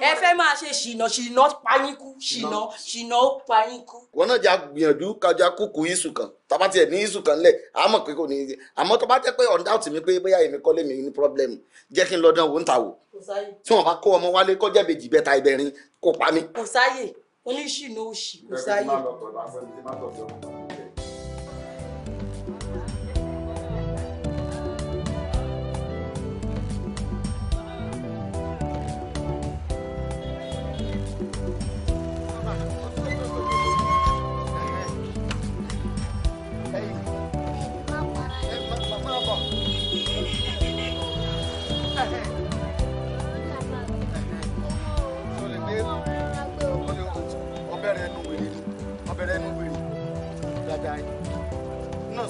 ẹ fẹ́ máa ṣe ṣìnà ṣìnà payínkù ṣìnà ṣìnà payínkù. wọn náà já gbìyànjú kájà kúkú iṣu kan tàbá tiẹ̀ ní iṣu kan lẹ̀ àmọ́ pé kò ní í àmọ́ tó bá jẹ́ pé ọ̀n dáùtì mi pé bóyá èmi kọ́lé mi ní pírọ́blẹ́mù jẹ́ kí n lọ́dún òun ta wò tí wọ́n bá kó ọmọ wálé kọ́jẹ́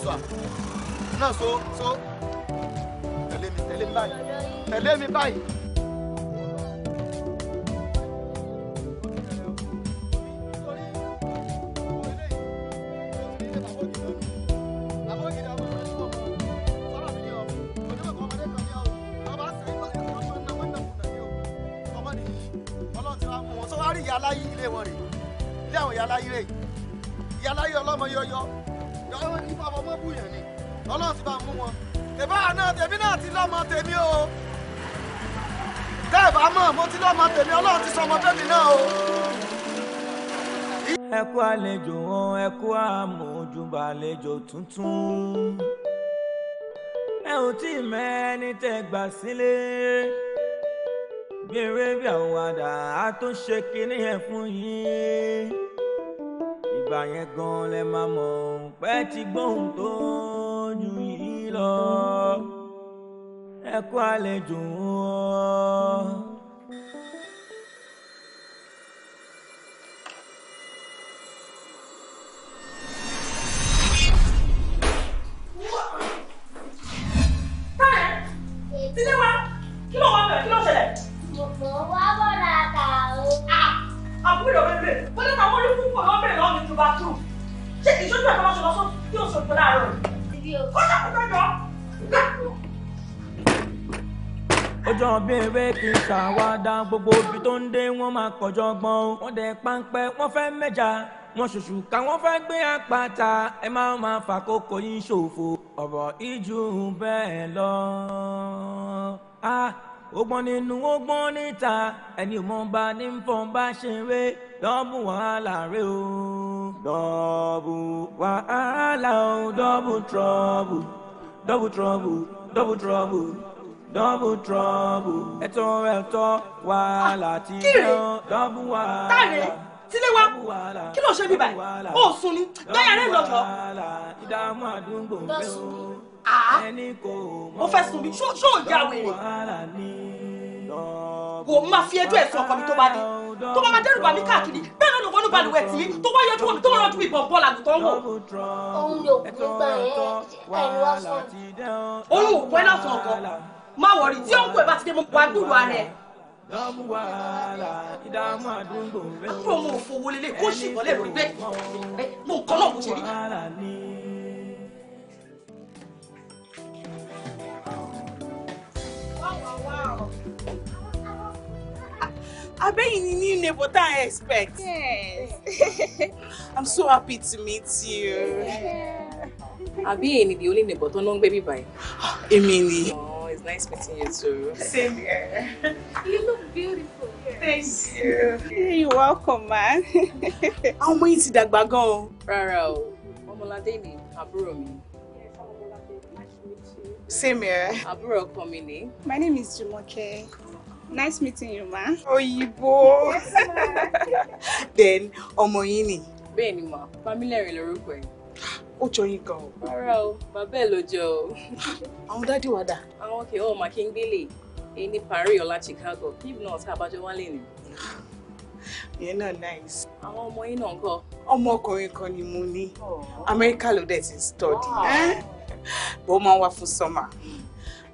sọ náà so so tẹ̀lé mi tẹ̀lé mi báyìí tẹ̀lé mi báyìí. tèbá náà tèmi náà ti lọ́mọ tèmi o tẹ́ ẹ̀ bá mọ̀ mo ti lọ́mọ tèmi ọlọ́run ti sọmọ tèmi náà o. ẹ kú àlejò wọn ẹ kú àmójúbà àlejò tuntun ẹ ò tí ì mẹ́ni tẹ́ gbà sílé gbèrè bí àwàdà á tó ṣe kinní ẹ̀ fún yín ìgbà yẹn gan lẹ máa mọ̀ pé ti gbóhùn tó yún lọ ẹ kú àlejò wọn. Tílé wa, kí ló wá bẹ̀rẹ̀, kí ló ṣẹlẹ̀? Bòbò wá bọ̀ làkà o. Àbúrò ìrọ̀lẹ́lẹ̀, bọ́lá ta wọ́n ló fún pọ̀ lọ́bẹ̀rẹ̀ lọ́mìí tó bá tó. Ṣé ìṣojú àtàwọn aṣọ lọ́sọ̀ yóò sọ pé láàárọ̀? bí o. ó dàgbà jọ. ọjọ́ bí ewé kì í ṣàwádà gbogbo ibi tó ń dé wọ́n máa pọ̀jọ́ gbọ́n wọ́n dẹ̀ páńpẹ́ wọ́n fẹ́ mẹ́ja wọn ṣoṣù ká wọn fẹ́ gbé apáta ẹ máa máa fàkókò yín ṣòfò ọ̀rọ̀ ìjù bẹ́ẹ̀ lọ. ọgbọ́n nínú ọgbọ́n níta ẹni ò mọ̀ bá ní fọ́n bá ṣeré lọ́bùn wàhálà rẹ o. Double wahala, oh, double trouble, double trouble, double trouble, double trouble. Ẹ̀tọ́ ẹ̀tọ́ wàhálà ah, ti dán, double wàhálà. Táre sílé wa kí ló ṣe bí báyìí? Ó sun ni, dáyà rẹ̀ lọ́jọ́. Ìdààmú àdúgbò ń bẹ́ o. Ah. Ẹni kò mọ̀. Mo fẹ́ sun bí, ṣó ìyá wèrè wo máa fi ẹjọ́ ẹ̀sùn ọkọ mi tó bá dé tó bá máa dẹ́rù bà mí káàkiri bẹ́ẹ̀ náà ni wọ́n ní balùwẹ̀ tì í tó wá yọjú omi tó wọ́n rọ́jú ìbọn bọ́ọ̀lù àgùntàn wò. òun ni òkú gbà ẹ́ ẹ̀rọ ọ̀sán. òun ò pẹ́ lọ́sàn ọkọ má wọ̀rí tí òun kò ẹ̀ bá ti dé mo wá gbúrò ara ẹ̀. àbúrò mo fowó lélẹ̀ kó ṣì kọ́lẹ̀ lórí bẹ́ẹ̀ mo kọ́ náà mo ṣe rí. abẹ́yìn ni new neighbor tá I expect. Yes. I'm so happy to meet you. Àbí èyí ni the only neighbor tó náà ń gbé bí Oh, it's nice meeting you too. Same here. You look beautiful. Thank you. You're welcome, man. Àwọn ọmọ yìí ti dàgbà gan-an. Rárá o, Ọmọládé ni àbúrò mi. Same here. Àbúrò ọkọ ni. My name is Jumoke. Nice meeting you, ma. Òyìnbó. Yes, ma. Then, Omoyini. yín ni. Bẹ́ẹ̀ ni, ma. Family lorúkọ ẹ̀. Ó jọ yín gan o. Rárá o, bàbá ẹ̀ ló jọ o. Àwọn dádì wa dà. Àwọn kì í ọmọ kí n gbélé. Èyí Paris ọ̀la Chicago. If not, àbájọ wálé ni. Ìyẹn náà nice. Àwọn ọmọ yín náà kọ. Ọmọ kan ni mo ní. Amẹ́ríkà ló dẹ̀ ti study. Bó máa wa fún summer.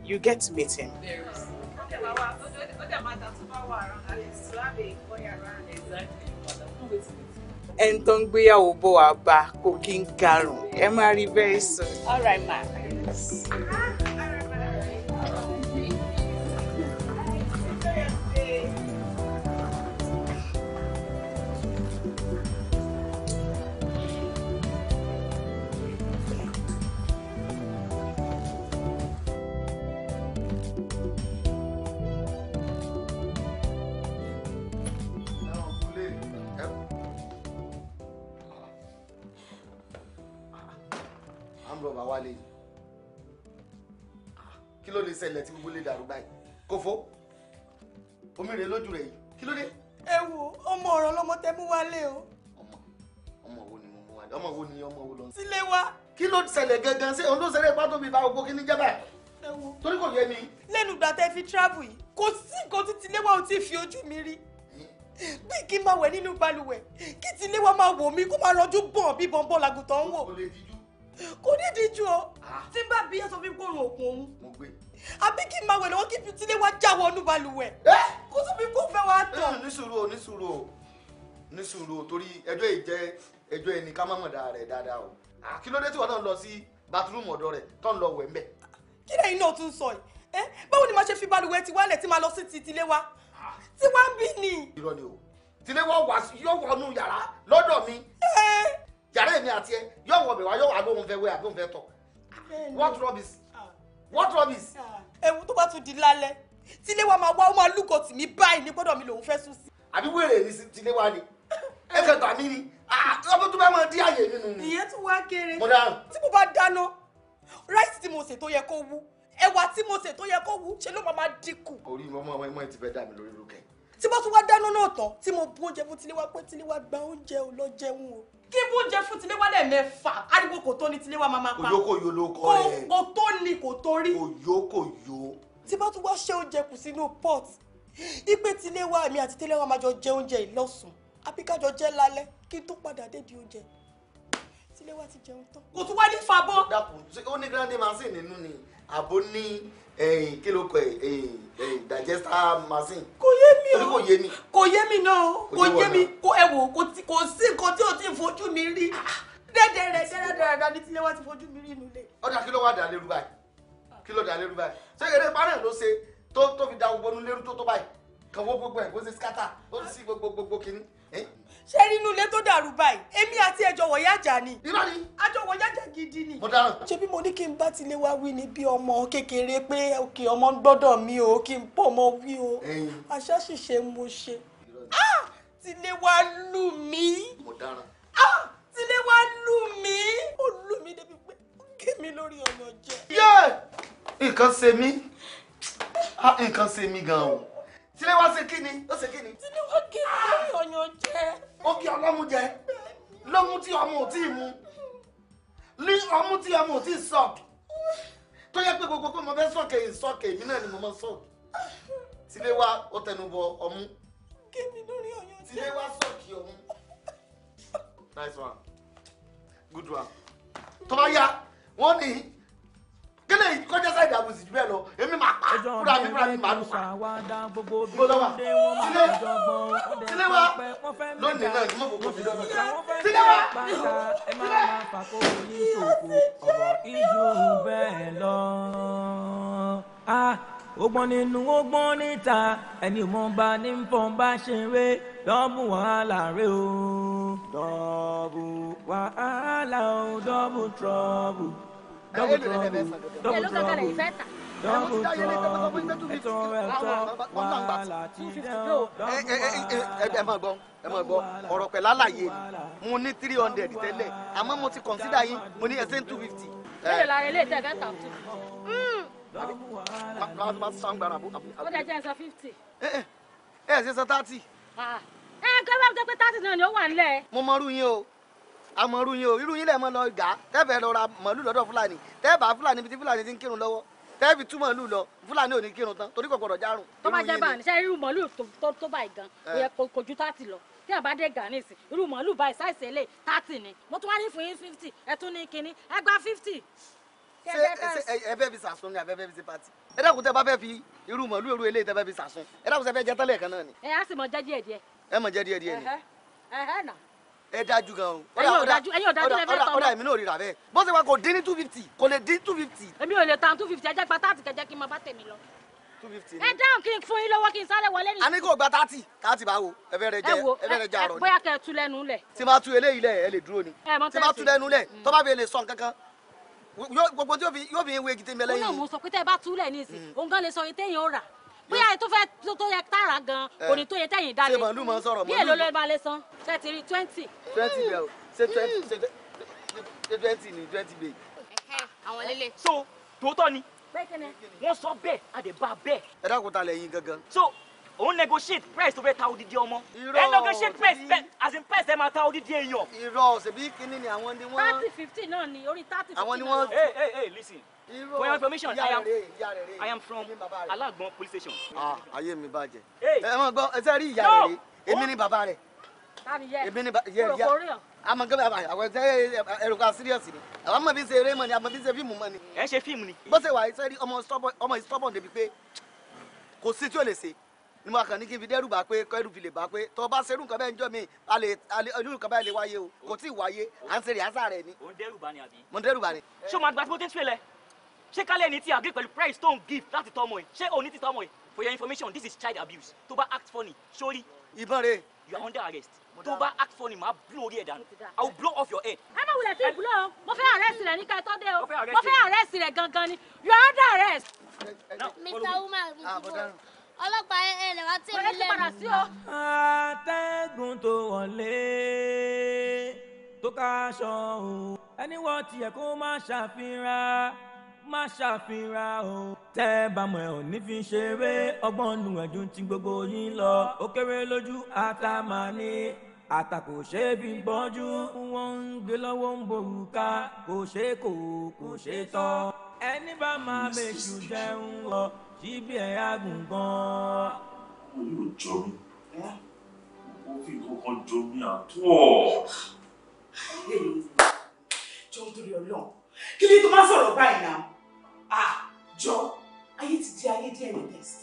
You get to meet him. Very soon dẹ̀ máa dà tó bá wà around Alex ń gbéyàwó bọ̀ wá bá kò kí ń karùn-ún ẹ máa rí very soon. all right ma. wálé yìí kí ló lè ṣẹlẹ̀ tí gbogbo lè dàrú báyìí kófó omi rèé lójú rẹ̀ yìí kí ló dé. ẹ wo ọmọ ọ̀rọ̀ lọmọ tẹ mú wálé o. ọmọ ọmọ wo ni mo mú wálé ọmọ wo ni ọmọ wo lọ. sílé wa. kí ló ṣẹlẹ̀ gangan ṣé òun ló ṣẹlẹ̀ ipá tóbi bá ogbó kíní jẹ́bà. ẹ wo torí kò yẹ mi. lẹ́nu ìgbà tẹ fi travel yìí kò sí nǹkan tí tiléwá ò tí ì fi ojú mi rí hmm? bí kí n máa wẹ̀ nínú balùwẹ̀ kí tiléwá máa wò mí kó máa rọjú bọ̀n bí bọ̀nbọ̀n làgùntàn ń wò. o lè dijú kò ní ìdíjú o ah. tí n bá bí yẹn sọ fún mi kó rò òkun òun. mo àbí kí n máa wẹ̀ lọ́wọ́ kí fi tílé wá já wọnú kó tún fi kó fẹ́ wá tọ̀. Eh, nísùúrù o nísùúrù o nísùúrù o torí ẹjọ́ yìí jẹ́ ẹjọ́ ẹni ká má mọ̀ dáa rẹ̀ dáadáa o. kí ló dé tí wọn náà lọ sí bàtúrúmù ọ̀dọ́ rẹ̀ tó ń lọ wẹ̀ ńbẹ̀. kí lẹ́yìn náà tún sọ yìí eh, báwo ni màá ṣe fi balùwẹ̀ tiwálẹ̀ tí màá lọ sí ti tilé wa ah. tiwa ń bí ni. irọ́ ni o tilé wọ́n wà yọ̀ wọnú yàrá lọ́dọ̀ mi. Eh, yàrá èmi àti ẹ yóò wọ̀ mí wá yóò wà lóhun fẹ́ wẹ̀ àbí òun fẹ́ tọ̀ what rubbish what rubbish. ewu ah, tó bá tún di lálẹ́ tílé wa máa wá ó máa lúgọ tì mí báyìí ní gbọ́dọ̀ mi lòun fẹ́ sùn sí. àbí wèrè ní tílé wa ni ẹ kàn gbà mí ni ah, ọdún tó bá máa dí àyè nínú mi. ìyẹn tún wá kéré tí mo bá dáná ráìsì tí mo sè tó yẹ kó wú ẹwà tí mo sè tó yẹ kó wú ṣe ló máa dínkù. orí ọmọ ọmọ ẹmọ ẹ ti fẹ́ dà mí lórí lókè. tí mo tún wá dáná náà tán tí mo bu oúnjẹ fún tiléwá pé tiléwá gba oúnjẹ ò lọ jẹun o kí bó jẹ fún tilé wálẹ̀ mẹ́fà ariwo kò tó ní tilé wa máa máa pa kò yó ló kọ rẹ kò tó ní kò tó rí kò kò yó. tí bá tún wá ṣe oúnjẹ kù sínú pot ipe tilé wa èmi àti tilé wa máa jọ jẹ oúnjẹ ìlọ́sùn àbí ká jọ jẹ lálẹ́ kí n tó padà dédi oúnjẹ tilé wa ti jẹun tán. kò tún wá ní fabọ́. dàpọ̀ ó ní grande machine nínú ni àbó ní ẹyìn kí ló kọ ẹyìn ẹyìn digester machine. kò yé mi o kò yé mi kò yé mi náà kò yé mi kò ẹ wò kò sí nǹkan tí o ti fojú mi rí dẹ́dẹ́ rẹ̀ dẹ́dẹ́ rẹ̀ dání tí lẹ́wọ́ ti fojú mi rí inú ilé. ọ̀dà kí ló wá dà lérú báyìí kí ló dà lérú báyìí ṣé eré parẹ́ ló ṣe tó tó fi da gbogbo nínú lérú tó tó báyìí kàn gbogbo ẹ̀ kó ṣe skata ó ti sí gbogbo gbogbo kìíní ṣé nínú ilé tó dàrú báyìí èmi àti ẹjọ wọ̀yájà ni. irọ́ ni. àjọ wọ̀yájà gidi ni. mo dáràn. ṣé bí mo ní kí n bá tilé wá wí ni bí ọmọ kékeré pé òkè ọmọ ń gbọ́dọ̀ mi o kí n pọ̀ mọ́ wí o. àṣà ṣìṣe mo ṣe. Ah! tilé wá lù mí. mo dáràn. Ah! tilé wá lù mí. ó lù mí débi pé gé mi lórí ọmọ jẹ. yé nǹkan ṣe mí ah! nǹkan ṣe mí gan-an tílé wá ṣe kí ni ó ṣe kí ni. tílé wá gé mi ọyàn jẹ. ó kí ọlọ́mú jẹ lọ́mú tí ọmọ ò tí ì mu ní ọmú tí ọmọ ò tí ì sọ̀kì tó yẹ pé gbogbo pé mo fẹ́ sọ̀kè sọ̀kè èmi náà ni mo máa sọ̀kì tílé wá ó tẹnu bọ ọmú. kí mi lórí ọyàn ọmú. nice one good one tó bá yá wọ́n ní kílè kọjá sáyidì àbùsì jù bẹ́ẹ̀ lọ èmi máa pa fúra mi fúra mi máa lù pa. gbogbo wa sílé sílé wa lónìí náà ìmọ̀ kòkó fi lọ́dọ̀ sílé wa sílé. ogbon nínú ogbon níta ẹni mọ bá ní fọn bá ṣe wé dọ́bù wàhálà rẹ o dọ́bù wàhálà o dọ́bù trọ́bù èlò lẹ́lẹ́ bẹ́ẹ̀ sàn lọ́dọ̀. èlò kankan lẹ́yìn fẹ́ tà. ẹ̀wọ̀n ti dáyé ní tọ́kọ́tọ́ fún two fifty wọ́n náà gbà two fifty yóò. ẹ máa gbọ́ ẹ máa gbọ́ ọ̀rọ̀ pẹ̀lú àlàyé mo ní three hundred tẹ́lẹ̀ àmọ́ mo ti consider yín mo ní ẹsẹ̀ two fifty. èlò la ilé tẹ̀ fẹ́ tà two fifty. Eh, eh. ah. eh, ó dẹ̀ jẹ́ ẹ̀sán fifty. ẹ ẹ ẹ̀sán thirty. ẹ kẹ́ bá mi tẹ́ pé thirty náà ni ó wà nílẹ̀. mo mọ irú yín o àmọ́ irú yín o irú yín lẹ̀ mọ́ lọ gà á tẹ́fẹ̀ lọ ra màálù lọ́dọ̀ fúlàní tẹ́ẹ̀bà fúlàní ibi tí fúlàní ti ń kírun lọ́wọ́ tẹ́ẹ̀fì tú màálù lọ fúlàní ò ní kírun tán torí kò gbọdọ̀ járùn. tó bá jẹ́ bá àníṣe irú màálù tó báyìí gan kò ju táàtì lọ tí a bá dé gani sí irú màálù báyìí sáìsì ẹlẹ́ táàtì ni mo tún wá ní fún yín fifty ẹ tún ní kinní ẹ gba fifty. ṣé ẹ fẹ́ fi sàsun ni àbẹ́fẹ́ fi ṣe pati ẹ dákun tẹ bá fẹ́ fi irú màálù irú eléyìí tẹ fẹ́ fi sàsun ẹ dákun tẹ fẹ́ jẹ tẹ́lẹ̀ kan náà ni. ẹ á sì mọ jẹ díẹ̀ díẹ̀. ẹ mọ jẹ díẹ̀ díẹ̀ ni. ẹhẹ ẹhẹ náà ẹ dájú gan o. ẹyin ò dájú ẹyin ò dájú lẹ fẹ́ tọ́ ọ. ọ̀dà èmi náà rira bẹ́ẹ̀ bó ṣe wá kò dín ní two fifty kò lè dín two fifty. èmi ò lè tan two fifty ẹjẹ gba táàtì kẹjẹ kí n máa bá tèmi lọ. two fifty ni. ẹ dáhùn kí n fún yín lọ́wọ́ kí n sáré wọlé ni. a ní kò gba táàtì káàtì bá wo ẹ fẹ́ rẹ jẹ ẹ fẹ́ rẹ jẹ àrọ ni. bóyá kẹ ẹ tu lẹnu lẹ. tí máa tu eléyìí lẹ ẹ lè dúró ni. tí máa tu lẹnu lẹ tó bá fi lè sọ nǹkan kan gbogbo tí yóò fi yóò fi ewu egite mẹlẹ yìí. ó náà mo sọ pé tẹ́ ẹ bá túlẹ̀ ní ìsìn mm. òun gan lè sọ èyí téèyàn ó rà bóyá ètò fẹ́ tó yẹ tààrà gan òní tó yẹ tẹ̀yìn dalẹ̀ ṣé màálù máa sọ̀rọ̀ màálù bí èlò ló máa lè san ṣe ti rí twenty. twenty bẹ́ẹ̀ o ṣe hmm. twenty ni twenty bẹ́ẹ̀. àwọn lélẹ̀. so tòótọ́ ni wọ́n sọ bẹ́ẹ̀ a dẹ̀ bá bẹ́ẹ̀. ẹ dákun ta lẹ́yìn gangan. so òun negotiate price tó fẹ́ ta odidi ọmọ. irọ́ ẹ negotiate price as in price ẹ máa ta odidi èèyàn. irọ́ ṣèbí kínní ni àwọn ni wọ́n. thirty fifteen náà ni orí thirty fifteen náà. àwọn ni wọ́n. hey hey hey listen for your information i am i am from alagbon police station. ah ayé mi bàjẹ́. ẹ mọ gbọ́ ẹ sẹ́ rí ìyá rẹ̀ èmi ni bàbá rẹ̀ èmi ni bàbá rẹ̀ àmọ́ gẹ́gẹ́ bàbá àwọn ẹ̀jẹ̀ ẹ̀rùkọ àsíríọ̀sì ni àwọn ọmọ mi ṣe eré mọ́ ni àmọ́ mi ṣe fíìmù mọ́ ni. ẹ ṣe fíìmù ni. bó ṣe wà ẹ sẹ́ rí ọmọ ìsọ́bọ̀n débi pé kò sí tí ò lè ṣe ni mo kàn ní kí n fi dẹ́rù bá pé kẹ́rù fi lè bá pé tó bá serú nǹkan bẹ́ẹ̀ ń jọ mi olú nǹkan bẹ́ẹ̀ lè wáyé o kò tí ì wáyé à ń ṣeré àṣà rẹ̀ ni. mo ń dẹ́rù bá ni àbí. mo ń dẹ́rù bá ni. ṣé o máa gba tí mo tẹ́ sílẹ̀ lẹ ṣé kálẹ̀ ni ti agree pẹ̀lú price tó ń give láti tọ́ ọmọ ẹ̀ ṣé o ní ti tọ́ ọmọ ẹ̀ for your information this is child abuse tó bá act funny sórí. ìbọn rẹ. you are under arrest tó bá act funny máa blow orí ẹ̀ dànù i will blow off your head. ẹ wulẹ̀ sí ìbúlọ̀ o mo fẹ́ arrest rẹ̀ ní ká ẹ tọ́ dé o mo fẹ́ arrest rẹ̀ gangan ni you are under arrest. Ah, mr umar mi ti bọ̀ ọlọ́pàá ẹ lè wá tí èmi lẹ́nu. padà sí o. atẹ́gùn tó wọlé tó káṣọ o ẹni wọ́n tiẹ̀ kó má ṣàfihàn má ṣàfihàn o. tẹ́ ẹ bá mọ̀ ẹ́ ò ní fi ṣeré ọgbọ́n nù ẹ̀jú tí gbogbo yín lọ ó kéré lójú àtàmánì àtàkò ṣe é fi gbọ́njú wọ́n ń gbé lọ́wọ́ ń borúkà kò ṣe é kò kò ṣe é tọ́ ẹni bá máa bẹ̀ṣù jẹun lọ síbi ẹ̀yà gùngàn. mo yóò jọ mí mo fi kọ́kọ́ jọ mí àtọ́. jọ nítorí ọlọ́run kí ni tó máa sọ̀rọ̀ báyìí náà à jọ ayé ti di ayé díẹ̀ ní test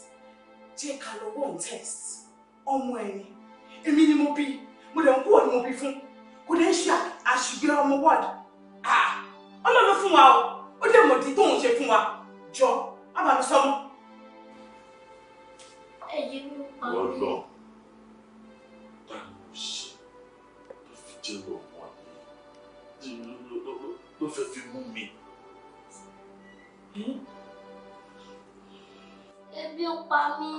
jẹ́ ká lọ wọ́n test ọmọ ẹni èmi ni mo bí mo dẹ̀ ń kú ọ̀nà mo bí fún kò dẹ̀ ń ṣe àṣìgbéra ọmọ wọ́ọ̀dù ọlọ́run fún wa o ó dẹ̀ mọ̀dí tóun ṣe fún wa jọ abàmì wọ́n lọ tá tó fi jẹ́ ọmọ yìí ló fẹ́ fi mú mi. Ebi ń pa mí.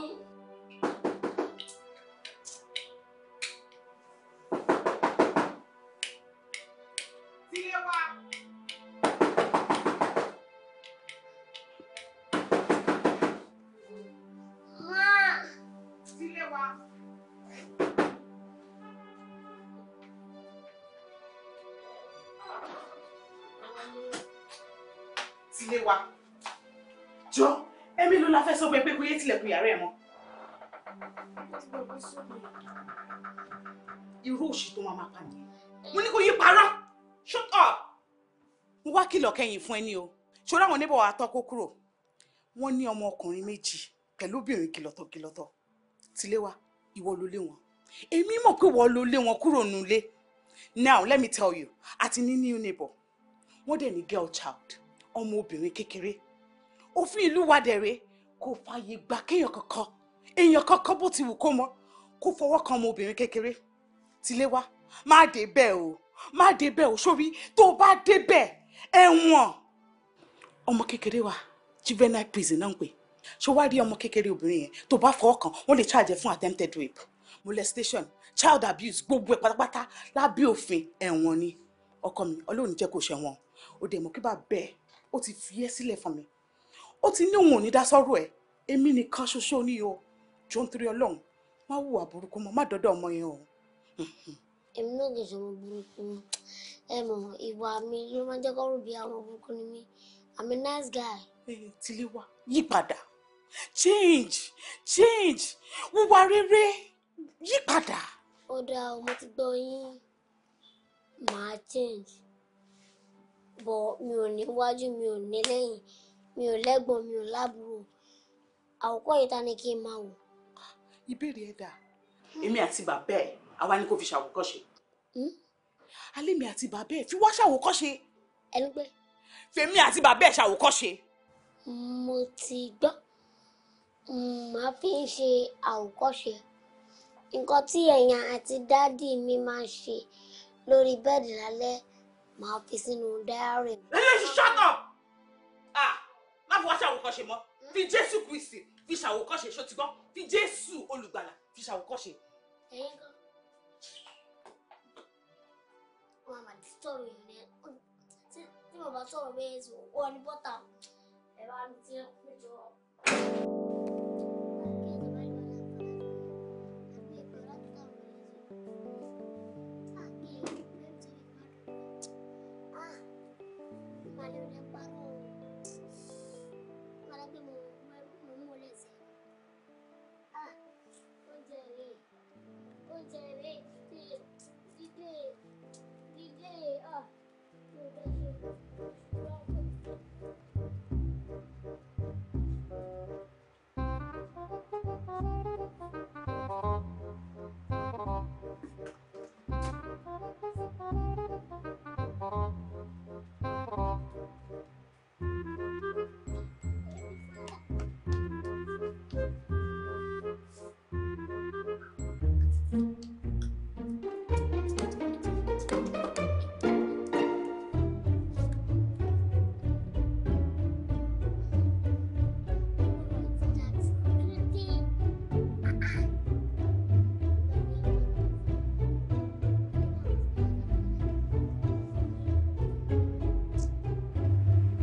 sílé wa jọ ẹ̀mí ló la fẹ́ sọ pé pé kó yé tilẹ̀kùn yàrá ẹ̀ mọ́. irú òṣì tó máa máa pa nìyẹn mo ní kó yí parọ́ shut up. mo wá kìlọ̀ kẹ́yìn fún ẹni o ṣòro àwọn oníbọ̀ wa tọ́ kó kúrò wọ́n ní ọmọ ọkùnrin méjì pẹ̀lú obìnrin kìlọ̀tọ̀ kìlọ̀tọ̀ tiléwa ìwọ ló lé wọn èmi mọ̀ pé ìwọ ló lé wọn kúrò nulẹ̀ now let me tell you àti ní new neighbor wọ́n dẹ̀ ní girl child ọmọbìnrin kékeré òfin ìlú wa dẹ̀rẹ̀ kò fààyè gbà kéèyàn kankan èèyàn kankan bó ti wù kó mọ kó fọwọ́ kan ọmọbìnrin kékeré tilé wa má dé bẹ́ẹ̀ o má dé bẹ́ẹ̀ o sórí tó bá dé bẹ́ẹ̀ ẹ̀wọ̀n ọmọ kékeré wa juvenile prison náà ń pè ṣé wàá rí ọmọ kékeré obìnrin yẹn tó bá fọwọ́ kan wọ́n lè charge fún attempted rape molestation child abuse gbogbo ẹ̀ pátápátá lábẹ́ òfin ẹ̀wọ̀n ni ọkọ mi ọlọ́run jẹ́ kó ṣẹ̀wọ̀n ó dẹ̀ mọ̀ kí bá bẹ́ẹ̀ ó ti fi ẹ́ sílẹ̀ fún mi ó ti ní òun ò ní dá sọ́rọ̀ ẹ̀ èmi nìkan ṣoṣo ní o jọ ń torí ọlọ́run má hùwà burúkú mọ́ má dọ́dọ̀ ọmọ yẹn o. èmi náà kì í ṣe ọmọ burúkú ẹ mọ ìwà mi ló máa ń jẹ́ kọ́rù bí àwọn burúkú ni mí i'm a nice guy. tilé wa yí padà change change wúwa rere yí padà. ó dáa mo ti gbọ́ yín màá change bọ̀ mi ò níwájú mi ò ní lẹ́yìn mi ò lẹ́gbọ̀n mi ò lábúrò àwòkọ́ yìí ta ni kí n máa wò. ìbéèrè ẹ dà hmm. èmi àti bàbá ẹ àwa ni kò fi ṣàwòkọ́ṣe. Hmm? alẹ́ mi àti bàbá ẹ fi wá ṣàwòkọ́ṣe. ẹnu pé. fèmi àti bàbá ẹ ṣàwòkọ́ṣe. mo ti gbọ́ màá fi ń ṣe àwòkọ́ṣe nǹkan tí ẹ̀yàn àti dáàdì mi máa ń ṣe lórí bẹ́ẹ̀dì lálẹ́ máa fi sínú dáárì. eléyìí shut up ah láfi wá ṣàwòkọ́ṣe mọ́ fi jésù kristi fi ṣàwòkọ́ṣe ṣòtìgbọ́ fi jésù olùgbàlà fi ṣàwòkọ́ṣe. ẹyin kan wọn máa di sọ̀rọ̀ yìí ní tí tí mo bá sọ̀rọ̀ bẹ́ẹ̀ sọ wọn ní bọ́tà ẹ bá mi tiẹ̀ níjọ. say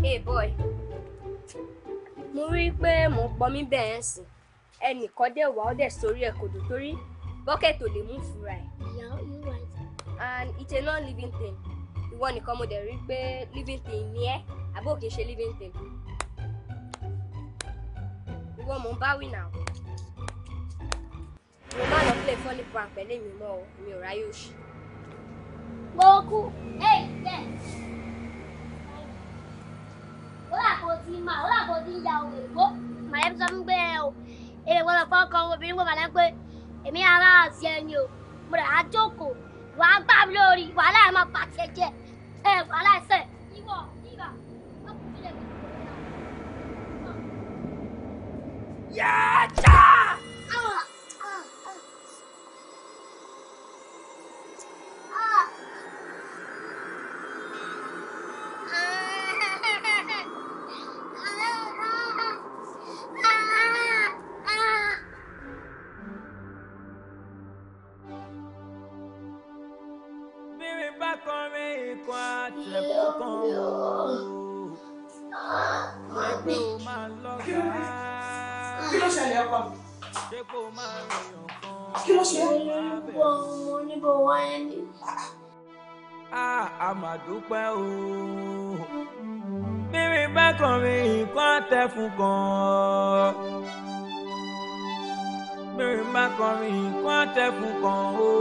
hey boy mo rí i pé mò ń pọnmi bẹ́ẹ̀ ń sìn ẹnìkan dẹ̀ wá ọ́ dẹ̀ sórí ẹ̀ kò dùn torí bọ́kẹ̀tì ò lè mú fúra ẹ̀. yeah you right. and it's a non-living thing ìwọ nìkan mo dẹ̀ rí i pé living thing ni ẹ́ àbí ò kì ṣe living thing. ìwọ mò ń bá wí náà. mo má lọ play funny prank pẹ̀lú èmi mọ́ o mi ò ráyè òṣì. mo kú. hey yes. mà máa ó làbọ̀ ti ń ya òwe ìgbó. màá sọ fún pé ẹ o èmi gbọ́dọ̀ fọ́ ọkọ obìnrin gbọ́dọ̀ em pé èmi ara àti ẹni o mo rà á jókòó wà á gbà mí lórí wàhálà ẹ máa pàṣẹ jẹ ẹ wàhálà ẹsẹ. ìwọ ìbà wọn dúpẹ́ o mírin bá kọrin nǹkan tẹ fún kan mírin bá kọrin nǹkan tẹ fún kan o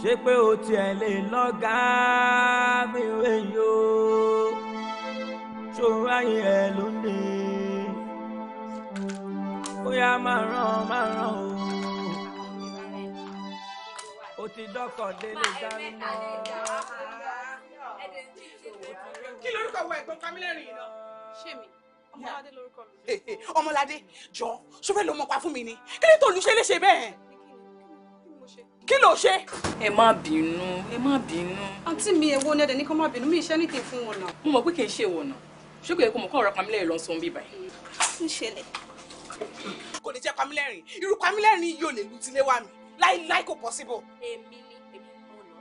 ṣé pé o tiẹ̀ lè lọ́gàá mi rèé o ṣòro ayé ẹ ló ní bóyá máa ràn máa ràn o ó ti dọ́kọ̀ délé dání mọ́. kí lorúkọ wọ ẹ̀gbọ́n kamilẹ́rìn yìí náà. ṣé mi ọmọládé lorúkọ mi. ọmọládé jọ sọfẹ ló mọ pa fún mi ni kí ló tó olùṣe léṣe bẹ́ẹ̀. kí ló ṣe. ẹ má bínú ẹ má bínú. àǹtí mi èwo ni ẹ̀dẹ̀ ní kó má bínú mi iṣẹ́ ní kí n fún wọn náà. mo mọ̀ pé kì í ṣe ìwọ̀nà ṣùgbọ́n èkó mọ̀ kọ́ ọ̀rọ̀ kamilẹ́rìn lọ sọ ń bíbá yìí. kò ní jẹ́ kamilẹ́rìn irú kamilẹ́rìn yìí lè lu tilé wa mi láíláí kò possible. èmi ni èmi ni mo lọ.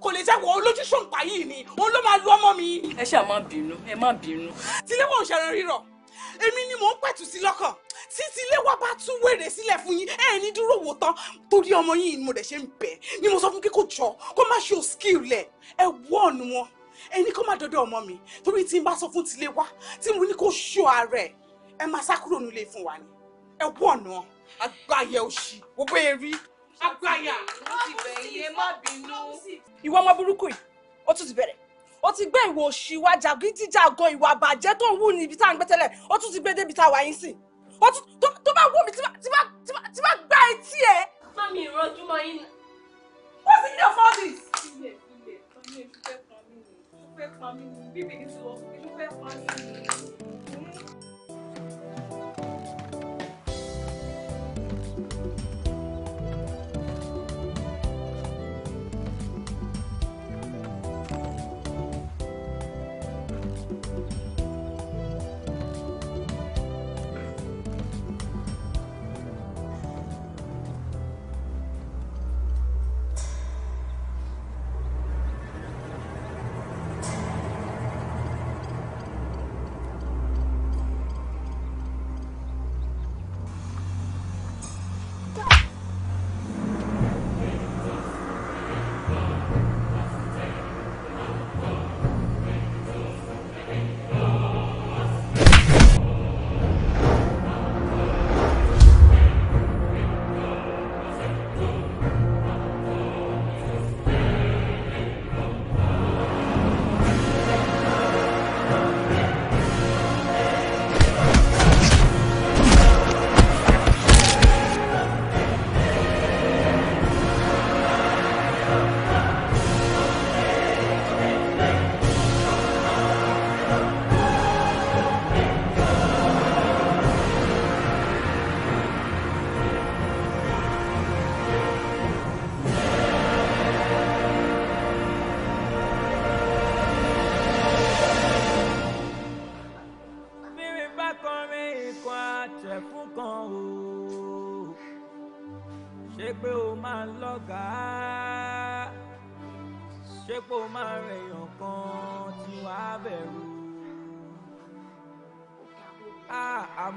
kò lè jẹ́ wọ olójú ṣòǹpá yìí ni òun ló máa lu ọmọ mi. ẹ ṣáà má bínú ẹ má bínú. tiléwọ̀n ṣẹ̀rọ rírọ̀ èmi ni mò ń pẹ̀tù sí lọ́kàn tí tiléwà bá tún wèrè sílẹ̀ fún yín ẹ̀ ní dúró wò tán torí ọmọ yìí ni mo dẹ̀ ṣe ń bẹ̀ ni mo sọ fún kíkó jọ kó má ṣe skill lẹ̀ ẹ wọ́ọ̀nù wọn ẹni kó má dọ́dọ̀ ọmọ mi torí tí n bá sọ fún tiléwà tí mo ní kó ṣọ ara ẹ̀ ẹ máa sá kúrò nílé fún wa ni ẹ wọ́ọ̀nù wọn àgbáyé òṣì gbogbo ẹ rí agbáyà. mo ti bẹ̀yìn ẹ má bínú. ìwọ ọmọ burúkú yìí ó tún ti bẹ̀rẹ̀ ó ti gbé ìwò òṣì ìwà jàgídíjàgan ìwà àbàjẹ́ tó ń wù ní ibi tá à ń gbé tẹ́lẹ̀ ó tún ti gbé débi tá a wà yín sí ó tún tó bá wù mí tí bá gbá etí ẹ. mami ìrọ̀jú mọ yín. wọ́n ti ní ọ̀fọ́ ọ̀dì. ilé ilé ọmọ ìlú fẹ́ pa mí ni ìlú fẹ́ pa mí ni bíbí ni sọ ìlú fẹ́ pa mí ni.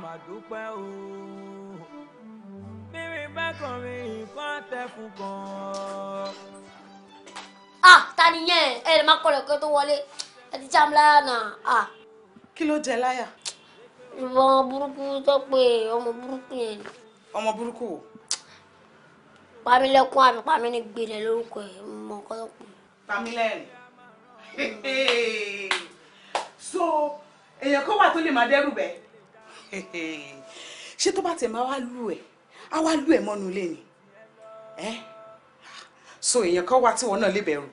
mà dúpẹ́ o bírí bá kọrin nǹkan tẹkùn kan. ah ta nìyẹn ẹ lè má kọlẹ̀ kó tó wọlé ẹ ti já mi láyà náà. kí ló jẹ láyà. ìwọ̀n burúkú tó pé ọmọ burúkú yẹn ni. ọmọ burúkú wo. pamílẹ́kún àbí pamílẹ́ gbèrè lórúkọ ẹ̀ mọ̀ nǹkan tó pè. pamílẹ́rìn so èèyàn kan wà tó lè máa dẹ́rù bẹ́ẹ̀. ṣé tó bá tẹ̀ máa wá lù ẹ́ á wá lù ẹ́ mọ́nu ilé ni ẹ́ so èèyàn kan wá tí wọn náà lè bẹ̀rù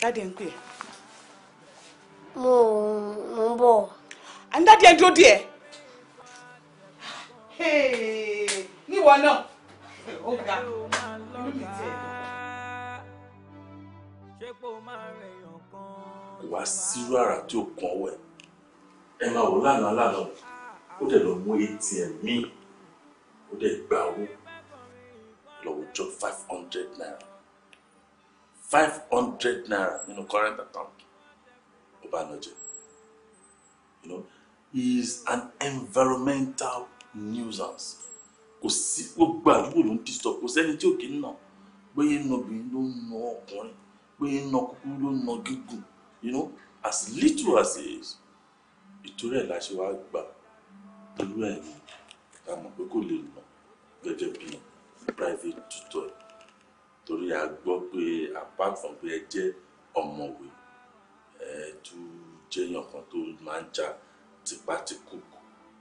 dáadé ń pè é. mo mo ń bọ̀. à ń dáadé ẹ dúró díẹ̀ níwọ náà ó ga inú mi tiẹ̀. wàá sírú àrà tí ó kàn wẹ̀ ẹ máa wò lánàá lánàá ó dẹ̀ lọ mú atm mi ó dẹ̀ gba owó lọ withdraw five hundred naira five hundred naira nínú current account ó you know he is an environmental nuisance kò sí gbogbo àdúgbò ló ń disturb kò sẹ́ni tí ò kí ń nà bóyá ń nà obìnrin ló ń nà ọkùnrin bóyá ń nà kúkúrú ló ń nà gígùn you know as little as he is ìtúrẹ̀ la wa wá gbà irú ẹ̀ a mọ̀ pé kò lè lọ gẹ́gẹ́ bí private tutor torí a gbọ́ pé apart from pé ẹ jẹ́ ọ̀mọ̀wé ẹ tún jẹ́yàn kan tó máa ń jà tipátikùkù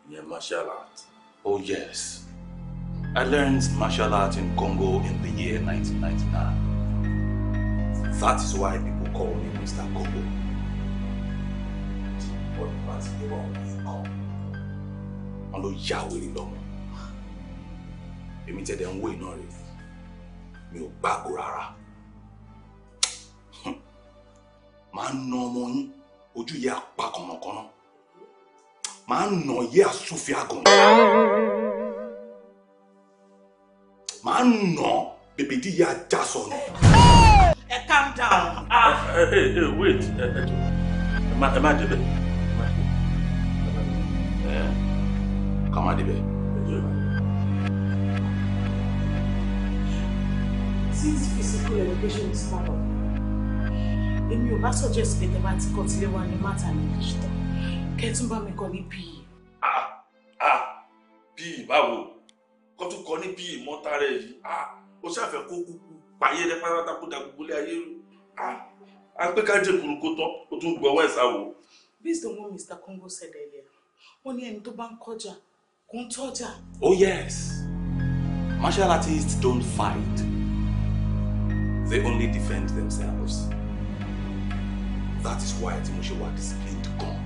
ìyẹn martial art. oh yes I learned martial art in Congo in the year 1999 that is why people call me Mr. Congo wọn ló ya wèrè lọ́mọ èmi tẹ̀lé ń wé iná rẹ̀ mi ò gbàgbọ́ rárá máa ń na ọmọ yín ojú yẹ apá máa ń nà yẹ àsúfin àgàn máa ń nà bèbè dí yẹ ajá sọnù. ẹ calm down. ẹ ẹ wait ẹ má débẹ̀. ká má débẹ̀. Since physical education is part of it, èmi ò bá suggest pé tẹ bá ti kọ́ tilé wa ní mata ní digital kẹ́ tún bá mi kọ́ ní PE. Ah ah PE báwo kó tún kọ́ ní PE mọ́tàrẹ́ yìí ah o ṣàfẹ́ kó kúkú pààyè rẹ pátápátá kó da gbogbo ilé ayé rú ah agbẹ́kájẹ kúrúkú tán o tún gbọ́ wẹ́sà wò. Based on what Mr. Congo said earlier wọ́n ní ẹni tó bá ń kọjá kò oh yes martial artists don't fight they only defend themselves that is why tí mo ṣe wà disciplined gan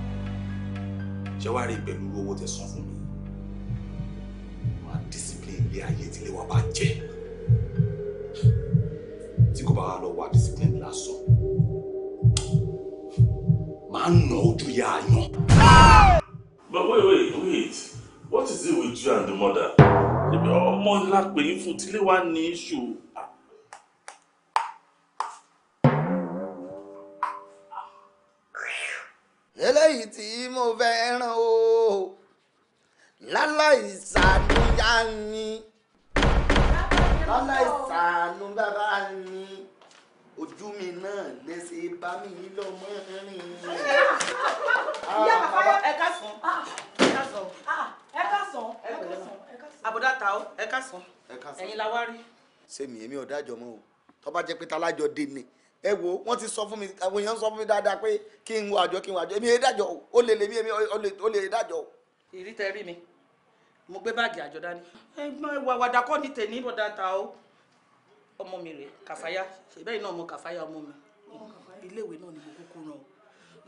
ṣe wá rí pẹ̀lú owó tẹ san mi máa discipline ilé ayé tí ilé wa bá jẹ́ tí kò bá wà lọ wà discipline lásán máa ń nà ojú ya yan. but wait wait wait what is it with you and the mother ṣebí ọmọ ńlá pè é fún tílé wa ní iṣu. eléyìí tí mo fẹ́ ràn o láláì ṣàánú yá ni láláì ṣàánú bàbá ni ojú mi náà lẹ́sẹ̀ bá mi lọ́mọ rìn. ìyá bàbá ẹ ká sàn ah, ah, ẹ ká sàn ah, ẹ ká sàn ẹ ká sàn. àbúdá ta ó ẹ ká sàn ẹ̀yin la wá rí. sẹ́mi èmi ò mọ́ o tó jẹ́ pé talájọ dé ni ẹ wo wọ́n ti sọ fún mi àwọn èèyàn sọ fún mi dáadáa pé kí n wo àjọ kí n wo àjọ èmi èdájọ́ ó lè lè mí èmi ó lè dájọ́. ìrítẹ́ rí mi mo gbé báàgì àjọ dání. ẹ̀gbọ́n ìwà àwàdà kọ́ ni tèmi bọ̀dá ta o ọmọ mi rèé kàfáyà ṣèbẹ́ iná ọmọ kàfáyà ọmọ mi iléèwé náà ni mo kúkú ràn ọ́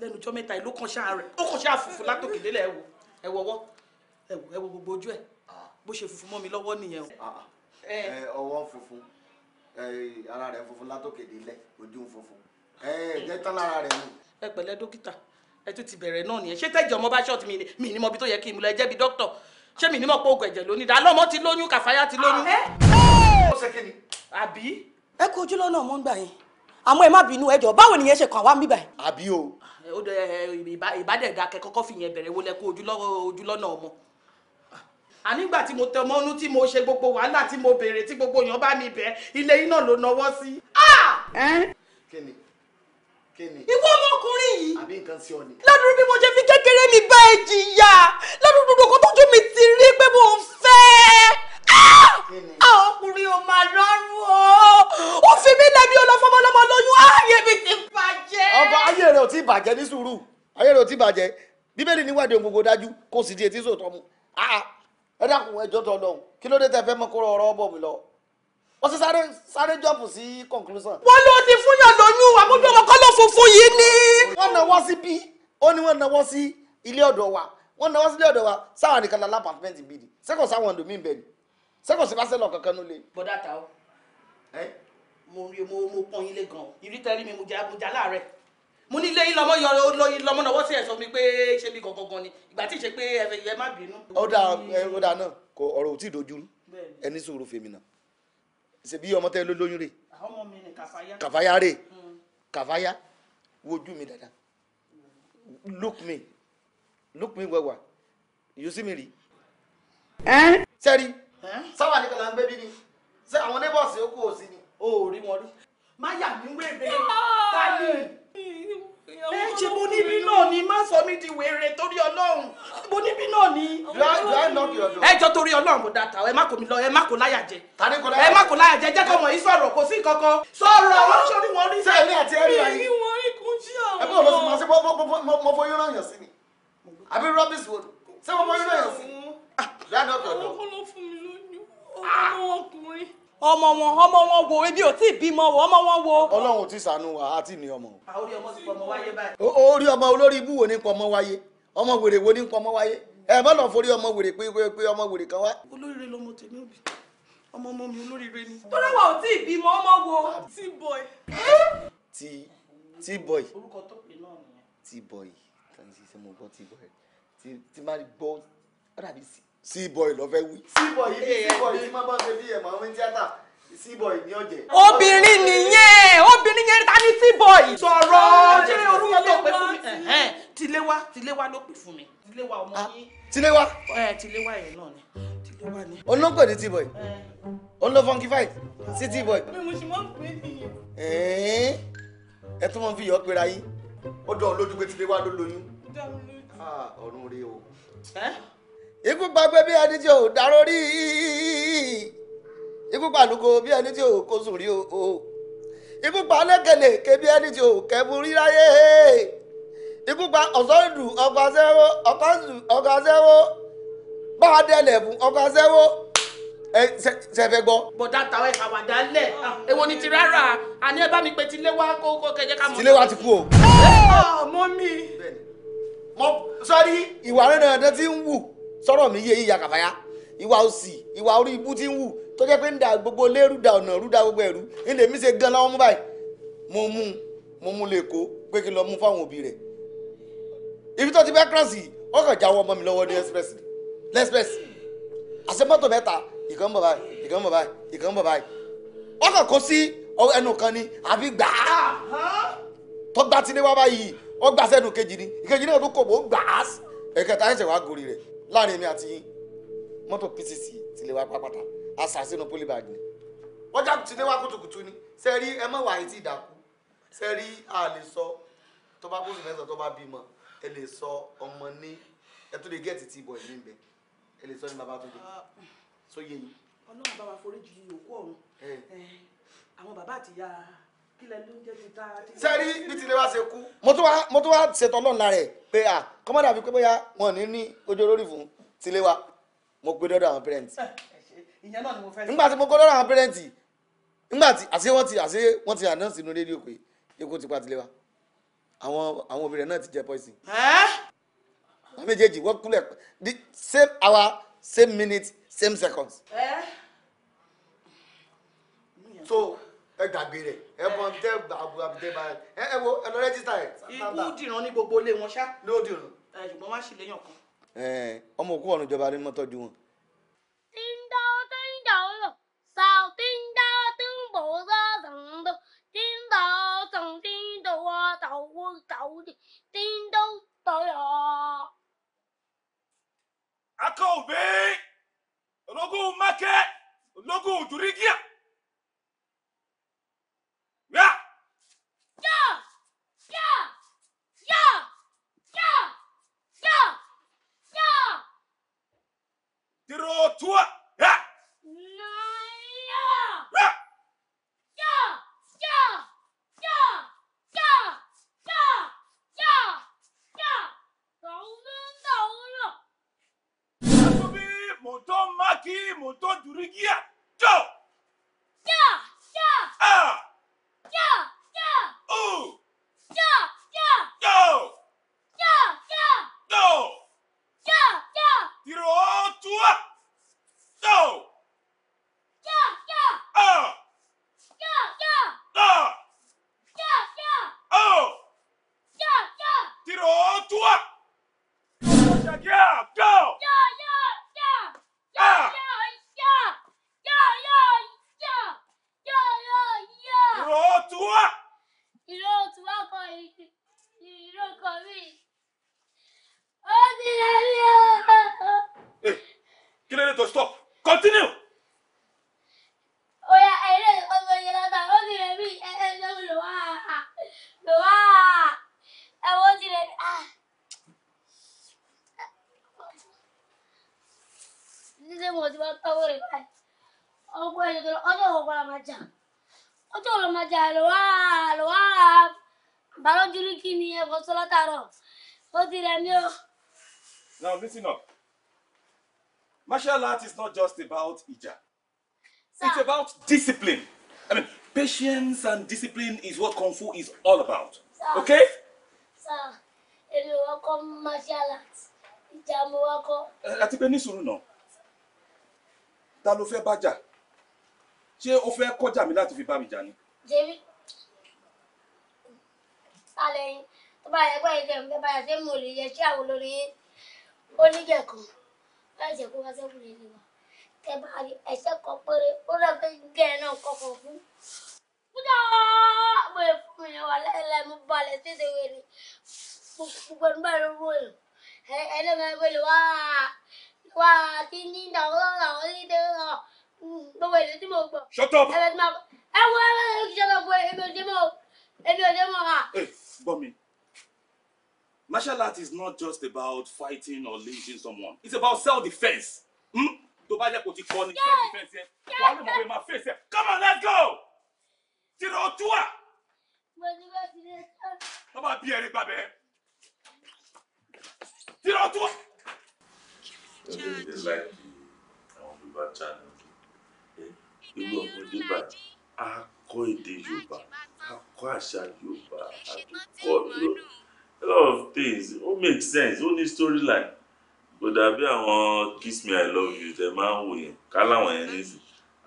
lẹ́nu ọjọ́ mẹ́ta ló kàn ṣáà rẹ̀ ó kàn ṣáà funfun látòkè délẹ̀ ẹ̀wò ẹ̀wọ̀ ọwọ́ ẹ̀wò ẹ̀wò gbogbo ojú ẹ̀ bó ṣe funfun mọ́ mi lọ́wọ́ nìyẹn o. Ah, ah. ọwọ́ funfun ara rẹ̀ funfun látòkè délẹ̀ ojú funfun jẹ́ tán lára rẹ̀ nù. ẹ pẹ̀lẹ́ dókítà ẹ tún ti bẹ̀rẹ̀ náà nìyẹn ṣé tẹ́jọ́ ọmọ bá ṣọ́ọ̀tì mi ni mo bí tó yẹ kí n mú lọ mo ti lóyún kàfáyà ti lóyún. Ah, ó ṣe kíni. àbí. ẹ kú ojú lọ́nà mọ́ ń gbà yín àmọ́ ẹ má bínú ẹjọ́ báwo nìyẹn ṣe kàn wá mí báyìí. àbí o. ó dẹ ìbádẹ́ẹ̀dá kẹ kọ́kọ́ fi yẹn bẹ̀rẹ̀ wọlé kó ojú lọ́nà ọmọ ànígbà tí mo tẹ mọ́nú tí mo ṣe gbogbo wàhálà tí mo béèrè tí gbogbo èèyàn bá mi bẹ̀ ilé iná ló nawọ́ sí. kíni kíni. ìwọ ọmọkùnrin yìí. àbí nǹkan sí ọ ni. ládùúgbò bí mo ṣe fi kékeré mi bá ẹ jìyà ládùúgbò kó tójú mi ti rí pé mo ń f àwọn ọkùnrin ò máa lọ́rùn o ó fi mí lẹ́bi ọlọ́fọmọlọ́mọ lóyún ayé mi ti bàjẹ́. ọba ayé rẹ ò tí ì bàjẹ́ ní sùúrù ayé rẹ ò tí ì bàjẹ́ bíbélì níwádìí ohun gbogbo dájú kò sì di etí sòtọ́ mu ah, ẹ dákun ẹjọ́ tó lọ́hùn kí ló dé tẹ fẹ́ mọ kó rọrọ́ bọ̀ mí lọ wọ́n ti sáré sáré jọ́pù sí conclusion. wọ́n ló ti fúnyàn lóyún àmójú ọmọ kọ́lọ́ funfun yìí ni. wọ́n náwó sí bí ó ní wọ́n náwó sí ilé ọ̀dọ̀ wa wọ́n náwó sí ilé ọ̀dọ̀ wa sáwọn nìkan la lápàtmẹ́ǹtì bíi ṣé kò sáwọn ọ̀dọ̀ mi bẹ̀ ni ṣé kò sí pásẹ́lọ̀ kankan nílé. bọ́dà ta o mo rí mo mo pọ́n yín lé gan ìrítẹ́rí mi mo jẹ́ abuja láàárẹ̀ mo ní ilé yín lọmọ yọ lọyìn lọmọ náà wọ́n sì ẹ̀ sọ mi pé ṣé mi gangan gan ni ìgbà tí ì ṣe pé ẹ̀fẹ̀ yẹn má bínú. ó dà ó dà náà kò ọ̀rọ̀ ò tí ì dojú ẹni sòrò fèmí náà ṣèbí ọmọ tẹ́ lóyún rè. àwọn rè hmm. kàfáyá wojú mi dáadáa look me look me wẹ̀wà you see me rí. sẹ́rí sáwà nìkan là ń gbé bí ni ṣé àwọn neighbors yòókù ò sí ni o rí wọn rí. má yà mí wèrè tani ẹ ṣe mo níbí náà ni má sọ mí di wèrè torí ọlọ́run mo níbí náà ni. ẹ jọ torí ọlọ́run mo dàtà ẹ má kò mí lọ ẹ má kò láyà jẹ ẹ má kò láyà jẹ jẹ kọ mọ yìí sọ̀rọ̀ kò sí kankan sọ̀rọ̀ àwọn sórí wọn rí sẹ́yìn àti ẹrí ayé mi wọn lọ sí mọ sí mo fọyín ràn yàn sí ni àbí ọmọ wọn ọmọ wọn wo ebi ò tí bímọ wọ ọmọ wọn wo. ọlọ́run ò sànú wa àti ní ọmọ. orí ọmọ ti pọmọ wáyé báyìí. orí ọmọ olórí ibú wo ni pọmọ wáyé ọmọ wèrè wo ni pọmọ wáyé ẹ bá lọ forí ọmọ wèrè pé pé ọmọ wèrè kan wá. olóríire lọmọ tèmi òbí ọmọ ọmọ mi olóríire ni. tọ́lá wa ò tí ì bímọ ọmọ wo. T-boy. ti T-boy. orúkọ tó pè náà nìyẹn. T-boy kàn sí gbọ́ T-boy ti máa gbọ́ ó dàbí Seaboy ló fẹ́ wí. Seaboy yìí Seaboy tí máa bá ṣe bí ẹ̀mọ́ àwọn tíátà Seaboy ní ọ̀jẹ̀. obìnrin nìyẹn obìnrin yẹn ta ní Seaboy. sọ̀rọ̀ ṣé orúkọ tó pè fún mi. Tiléwá Tiléwá ló pè fún mi Tiléwá ọmọ ah, yín. Tiléwá. ẹ Tiléwá yẹn náà ni Tiléwá ni. olóńgbò ní Seaboy òun ló funky fight sí Seaboy. mi mo ṣe máa ń pè é ẹ tún mọ fi yọ pera yín ó dán lójú pé Tiléwá ló lóyún. Ah, ọ̀run rèé o ikú pàgbé bí ẹni tí ò dárò rí ikú pàlùkò bí ẹni tí ò kó sùn rí o ikú pa lékelèké bí ẹni tí ò kẹ́mu rí láyé ikú pa ọ̀sọ́dù ọkọ̀ àṣẹ́wó ọkọ̀ àṣẹ́wó bá a sẹfẹ gbọ. bọ̀dá tàwọn ẹ̀ka wà dálẹ̀ ah, èwo ni ti rárá àní ẹ bá mi pé tilé wa kó kó kẹjẹ ká mọ̀. tilé wa ti kú o. Ah, mọ́ mi. mo sọ ní ìwà rẹ̀ náà dẹ́ ti ń wù sọ̀rọ̀ mi yé yíya kàfáyà ìwà òsì ìwà orí ibú tí ń wù tó jẹ́ pé ń da gbogbo lé rúdà ọ̀nà rúdà gbogbo ẹ̀rú ń lè mí ṣe gan lọ́wọ́ mú báyìí mo mú mo mú lè kó pé kí n lọ mú fáwọn òbí rẹ̀ ibi tó ti bẹ́ kírọ̀sì ó kàn jáwọ́ ọmọ mi lọ́wọ́ ní express express àṣẹ mọ́tò mẹ́ta ìkan bọ̀ báyìí ìkan bọ̀ báyìí ìkan bọ̀ báyìí ó kàn kó sí ẹnu kan ni àfi gbàá tó gbá tí ní wá báyìí ó gbà sẹ́nu kejì ni ìkejì náà tó kò mọ́ gbàá ẹ̀kẹta ẹ̀ṣẹ̀ wá gorí rẹ̀ láàrin èmi àti yín mọ́tò pcc ti lè wá pápátá àṣàṣínú pólíbàgì ni wọ́n já ti lé wá kùtùkùtù ni ṣe rí ẹ mọ̀ wáyé tí ìdàkú ṣe rí a lè sọ tó bá kóso mẹ́sàn-án tó bá bímọ ẹ lè sọ ọmọ ní ẹ tó lè gẹ́ẹ̀tì tí ìbọn ìlú ìbẹ ẹ lè sọ ní bàbá tó dé sóye yìí. ọlọ́run bá wa foríjì òkú ọ̀run àwọn bàbá àtìyá sẹ́rí bí tilẹ̀ wá ṣe kú. mo tún wá ṣètò ọlọ́run lára ẹ̀ pé à kọ́mọ́dà bíi pé bóyá wọn ò ní ní ojú olórí fún tilẹ̀ wa mo gbé dọ́dọ̀ àwọn pẹ́rẹ́ǹtì. mo fẹ́. nígbà tí mo gbé dọ́dọ̀ àwọn pẹ́rẹ́ǹtì nígbà tí àṣé wọ́n ti àṣé wọ́n ti ànáǹsì inú rédíò pé ikú ti pa tilẹ̀ wa àwọn àwọn náà ti jẹ pọ́ìsì. àwọn méjèèjì wọ́n kúlẹ̀ the same hour same minute same seconds. so ẹ gbàgbé rẹ ẹ mọ tẹ àbúrò àbúté bá ẹ ẹ wo ẹ lọ rẹjísítà ẹ. ikú dìran ní gbogbo ilé wọn ṣá. ló dìran. ẹ ṣùgbọ́n má ṣe léyàn kan. ọmọ òkú ọ̀run ìjọba ni mo tọ́jú wọn. tí ń dáwọ́ tó ń jà ó lọ sàó tí ń dáwọ́ tó ń bọ̀ ó sọ sàn tó tí ń dáwọ́ sàn tí ń dọ̀wọ́ tàwọ́ tàwọ́ tí ń dọ̀ tọ̀yọ̀. akọ̀wé ológun mákẹ́ ológun òjòrí Yeah! not just about Ija. Sir. It's about discipline. I mean, patience and discipline is what Kung Fu is all about. Sir. Okay? Sir, èmi Welcome, martial arts. Ìjà mo wá kọ́. Àti pé ní sùúrù náà, ta ló fẹ́ bá jà? Ṣé o fẹ́ kọjá mi láti fi bá mi jà ni? Jèmi, sálẹ̀ yín, tó bá yẹ pé ìjẹun fẹ́ bá yà sí mo lè yẹ sí àwọn olórin oníjẹ̀kùn láì jẹ́ kó wá sẹ́kùn lè lè péré ó dàgbé gẹ́ náà kọ̀kọ̀ fún. fúdà mo lè fún mi wà láìláì mo balẹ̀ tètè wẹ̀rẹ̀ gbogbo nígbà ló wọ̀ ẹ̀ ẹ̀ lẹ́gbẹ̀ẹ́ wẹ̀rẹ̀ wá wá tí ní ìdáwọ́ làwọn ní ìdáwọ́ gbogbo èdè tí mo gbọ́. shut up. ẹ wọ ẹ wọ ìjọba bọ èmi ò dé mọ èmi ò dé mọ ha. gbọ́ mi. Martial art is not just about fighting or lynching someone. It's about self-defense. Hmm? tó bá jẹ́ kó ti kọ́ ni self defence yẹn wàá lè mọ̀ pé máa fèsì ẹ̀ come on let's go tìrọ̀ ojú à. wọ́n máa bí ẹni gbàgbẹ́ tìrọ̀ ojú à. Irú ọmọdé bá a kọ́ èdè Yorùbá, a kọ́ àṣà Yorùbá, a kọ́ a lot of things, ó make sense, ó ní storyline kò dàbí àwọn kiss me i love you tẹ máa ń wò yẹn ká láwọn yẹn nísìn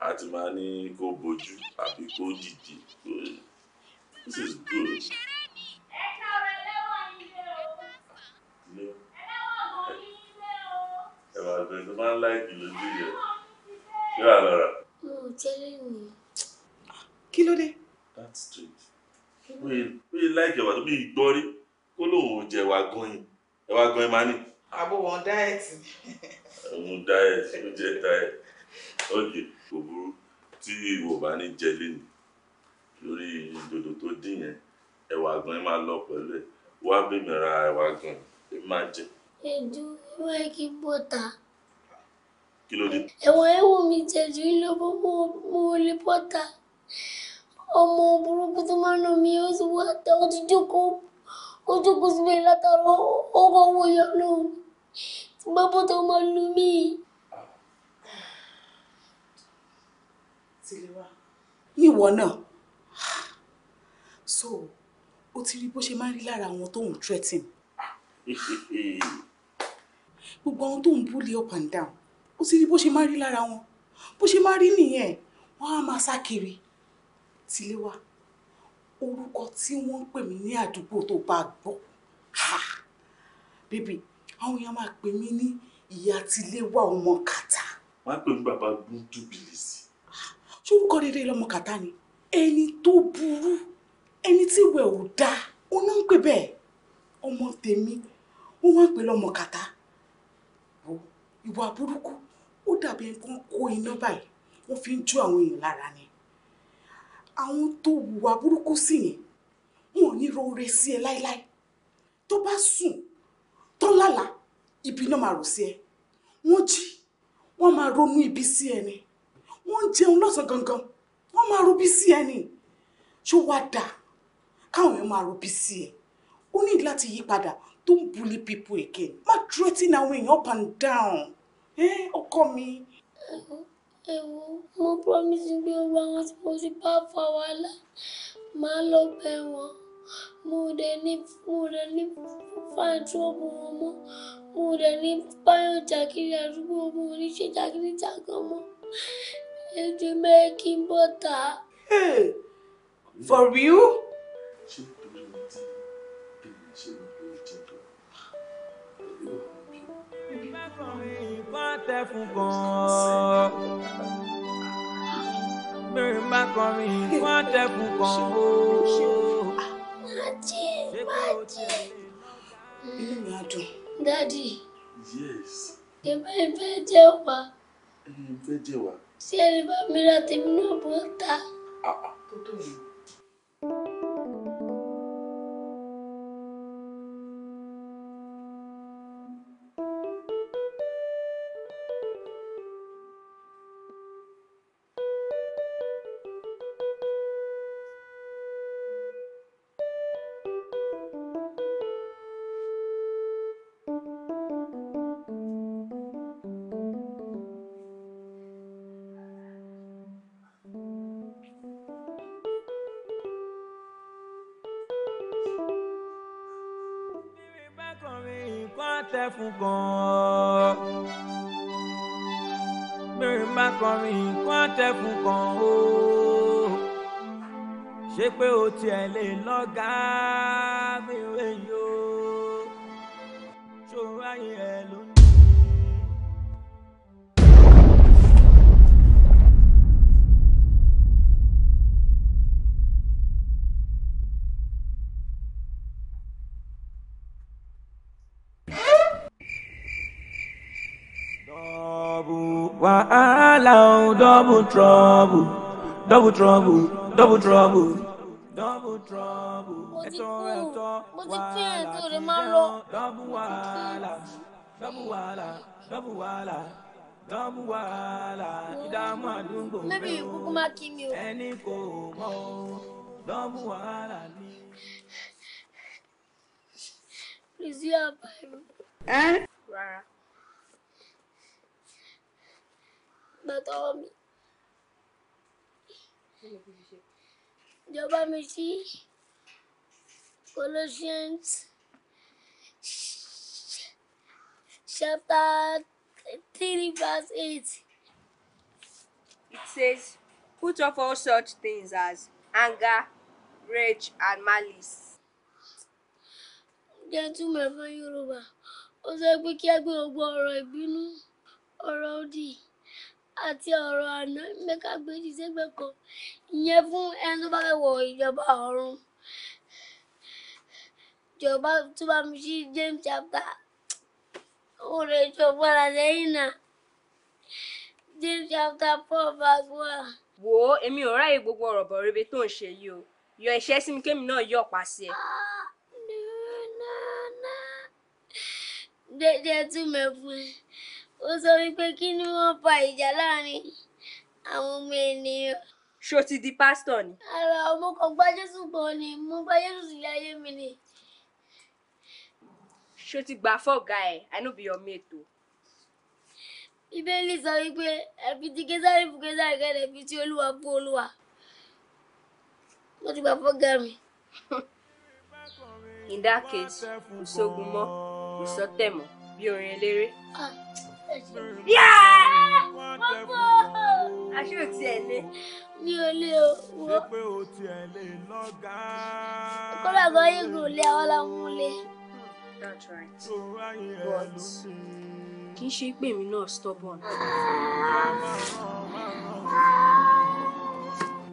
àti máa ní kó bojú àbí kó dìde this is good. kí ló dé. that's strange. wíì láìkì ẹ̀wà tó bí gbọ́rí kó lóun ò jẹ̀wà gan-an ẹ̀wà gan-an máa ní àbò wọn dáẹ̀tì. àwọn dáẹ̀tì ó jẹ́ dáẹ̀tì ọ̀gẹ̀ kò burú tí ìwọ bá ní jẹ lẹ́nu lórí ìdòdò tó dín yẹn ẹ̀wà gan ẹ máa lọ pẹ̀lú ẹ̀ wá bèmí ra ẹ̀wà gan ẹ máa jẹ. èdè ìwé kí bọ́tà. kí ló dé. ẹ̀wọ̀n ẹ̀wọ̀ mi jẹ̀jú ló bó mo lè bọ́tà ọmọ burúkú tó máa ń nà mí ó sì wá tẹ ọtí jókòó ó jókòó síbi látara ó kọ́ wọ́yọ̀ lóhùn. Bàbá tó máa lu mí. Tìlẹ́wà, ìwọ náà. So, o ti rí bó ṣe máa ń rí lára àwọn tó ń threaten. Gbogbo àwọn tó ń bully up and down, o ti rí bó ṣe máa ń rí lára wọn. Bó ṣe máa ń rí nìyẹn, wọ́n á máa sá kiri. Tìlẹ́wà, orúkọ tí wọ́n ń pè mí àwọn èèyàn máa pè mí ní ìyá tiléwá ọmọ kàtà. wọ́n á pè mí bàbá gbúdú bìlìsì. ṣorúkọ rere lọmọ kàtà ni ẹni tó burú ẹni tí ìwẹ̀ ò dáa òun náà ń pè bẹ́ẹ̀ ọmọ tèmi wọ́n wá ń pè lọmọ kàtà. ìwà burúkú ó dàbí nǹkan kó iná báyìí wọ́n fi ń jó àwọn èèyàn lára ni àwọn tó hùwà burúkú sí yẹn wọn ò ní ro ore sí ẹ láéláé tó bá sùn tó lálàá ibi náà máa rò sí ẹ wọ́n jí wọ́n máa ronú ibi sí ẹni wọ́n ń jẹun lọ́sàn gangan wọ́n máa ro bí sí ẹni ṣó wá dà káwọn èèyàn máa ro bí sí ẹ ó ní láti yí padà don't bully people again má threaten àwọn èèyàn up and down ọkọ mi. ẹ̀wọ̀ mo promise pé ó bá wọn tí mo ti bá fa wàhálà máa lọ bẹ̀ wọ́n mo dẹ̀ ní mo dẹ̀ ní fáńtú ọmọ wọn mọ́ mo dẹ̀ ní báyọ̀ jàkiri àdúgbò mo ní ṣe jàkiri jàkan mọ́ ẹjọ́ mẹ́rin kí n bọ́ ta. for real. kan. Bẹ́ẹ̀ má kọrin, wọ́n tẹ kan. Maji, Maji. Inú mi á dùn. Dádì. Yes. Èmi ìfẹ́ jẹ́ wá. Ẹni ìfẹ́ jẹ́ wá. Ṣé ẹni bá mi ra tèmi náà Ah, ta? Ah. Tó tó yìí. tiẹ̀ lè lọ́gà mi ò yó ṣòro double trouble double trouble double trouble. máa ń lọ. dọ́bù wàhálà dọ́bù wàhálà dọ́bù wàhálà dọ́bù wàhálà ìdààmú àdúgbò mi o ẹni kò mọ̀ dọ́bù wàhálà ni. Please, you have Bible. Eh? Rárá. Bàtà ọwọ́ Ìjọba mi sí Colossians chapter 3, verse 8. It says, Put off all such things as anger, rage, and malice. Gentlemen fún Yorùbá, ó sọ pé kí a gbé ọ̀rọ̀ ìbínú, ọ̀rọ̀ òdì àti ọ̀rọ̀ àná mẹ́ka ti sẹ́gbẹ̀ẹ́ kan. Ìyẹn fún ẹni tó bá fẹ́ wọ ìjọba ọ̀run jọba tó bá mi ṣí James chapter ó lè jọ padà lẹ́yìn náà James chapter four verse one. Wo, ó èmi ò ráyè gbogbo ọ̀rọ̀ bọ̀rẹ́bẹ tó ń ṣe yìí o yọ ẹ̀ṣẹ́ sí mi kémi náà yọ̀ pa sí ẹ. dédé ah, tún mẹ́fún ó sọ wípé kí ni wọ́n fa ìjà láàrin àwọn ọmọ ènìyàn. ṣó ti di pásítọ̀ ni. ara ọmọ kan gbá jésù gbọ́ ni mo gbá jésù sílẹ̀ ayé mi ni ṣó ti gbà fọ́ọ̀gá ẹ̀ i no be your mate o. bíbélì sọ wípé ẹbí ti késàrí fún késàrí kẹ́lẹ́ fi ti olúwa fún olúwa mo ti gbà fọ́ọ̀gá mi. in that case kò sógun mọ́ kò sọ́tẹ̀ mọ́ bí orin eléré. ọ̀pọ̀ aṣọ ò tiẹ̀ lé mi ò lé o. ṣé pé o tiẹ̀ lè lọ́gàá. kọ́lá kan yín kò lé àwọn làwọn ò lé. That's right. But eh, kì í ṣe pé èmi náà stubborn.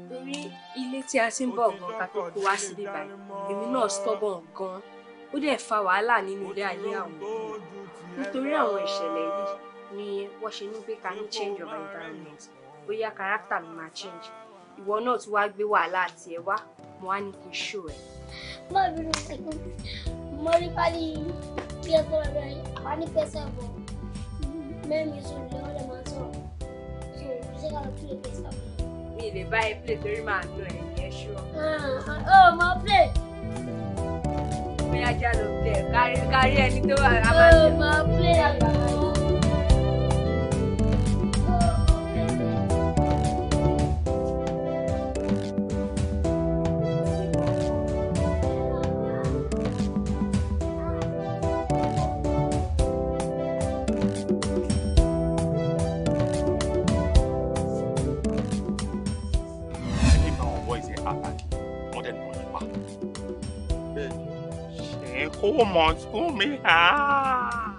Torí ilé tí a ti ń bọ̀ gan ká tó kó wá síbí báyìí, èmi náà stubborn gan. Ó dẹ̀ fa wàhálà nínú ilé ayé àwọn. Nítorí àwọn ìṣẹ̀lẹ̀ yìí ni wọ́n ṣe ní pé ká ní change of environment. Bóyá character mi máa change. Ìwọ náà tún wá gbé wàhálà tiẹ̀ wá, mo wá ní kí n ṣó ẹ̀. Má bínú sí i mori pali pia tora bai pani pesa bo mem yi so le ole ma so so se ka tu le pesa bo mi le buy play torí ma no e ye sure ah, ah oh ma play bóyá ja lo play kárí kárí ẹni tó wà ma play months Wunmi ah.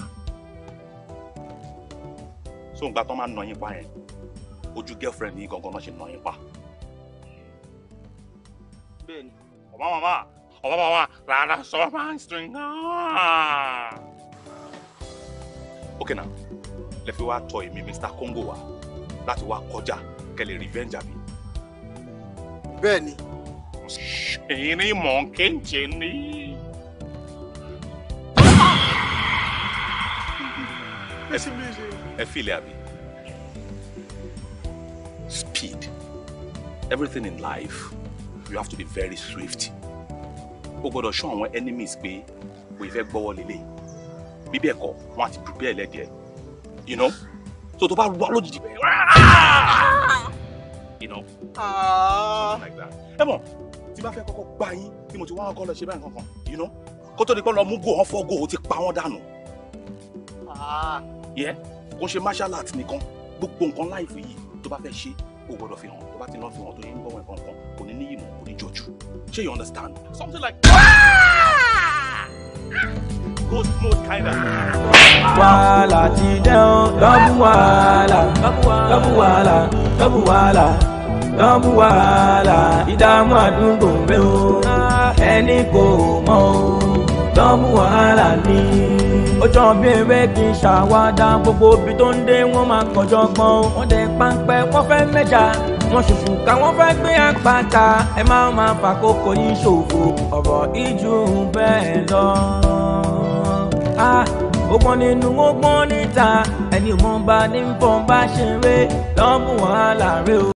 so ìgbà tó máa ń nà yín pa yẹn ojú girlfriend yín gangan náà ṣe nà yín pa. Ben, ọba mama ọba mama rárá sọ máa ń sìn náà. Ah. ok now lè fi wá tọ èmi Mr. Congo wá láti wá kọjá kẹlẹ revenge àbí. bẹ́ẹ̀ni. ṣèyí ni mọ̀ ń kéńjẹ ní. Efilia abi. Speed. Everything in life, you have to be very swift. O gbọ́dọ̀ show àwọn enemies pé o ìfẹ́ gbọ́wọ́ lélẹ̀. Bí bẹ́ẹ̀ kọ́, wọ́n á ti prepare lẹ́dẹ̀ẹ́. You know? So tó bá wá lójijì bẹ́ẹ̀. You know? Ah. Something like that. Ẹ mọ̀, tí bá fẹ́ kọ́kọ́ gbá yín tí mo ti wá ọkọ lọ ṣe báyìí kankan. You know? Kó tó di pé lọ mú gò wọn fọ́ gò ó ti pa wọ́n dànù. Ah yẹ kò ṣe martial art nìkan gbogbo nǹkan láìfò yìí tó bá fẹ́ ṣe o gbọ́dọ̀ fi hàn tó bá ti lọ fi hàn tó ṣe ń bọ̀ wọn kankan kò ní níyì kò ní jọjú ṣé you understand something like. wàhálà ti dẹ́hùn lọ́bù wàhálà lọ́bù wàhálà lọ́bù wàhálà lọ́bù wàhálà ìdààmú àdúgbò rẹ o ẹni kò mọ̀ o lọ́bù wàhálà ni ọjọ́ bí eré kì í ṣàwádà gbogbo ibi tó ń dé wọ́n máa kọjọ́ gbọ́n wọ́n dẹ̀ páńpẹ́ wọ́n fẹ́ mẹ́jà wọ́n ṣùṣù ká wọ́n fẹ́ gbé àpáta ẹ má máa fàkókò yín ṣòfò ọ̀rọ̀ ìjù bẹ́ẹ̀ lọ. ọgbọ́n nínú ọgbọ́n níta ẹni ò mọ̀ bá ní bọ́n bá ṣeré lọ́mú wàhálà rẹ o.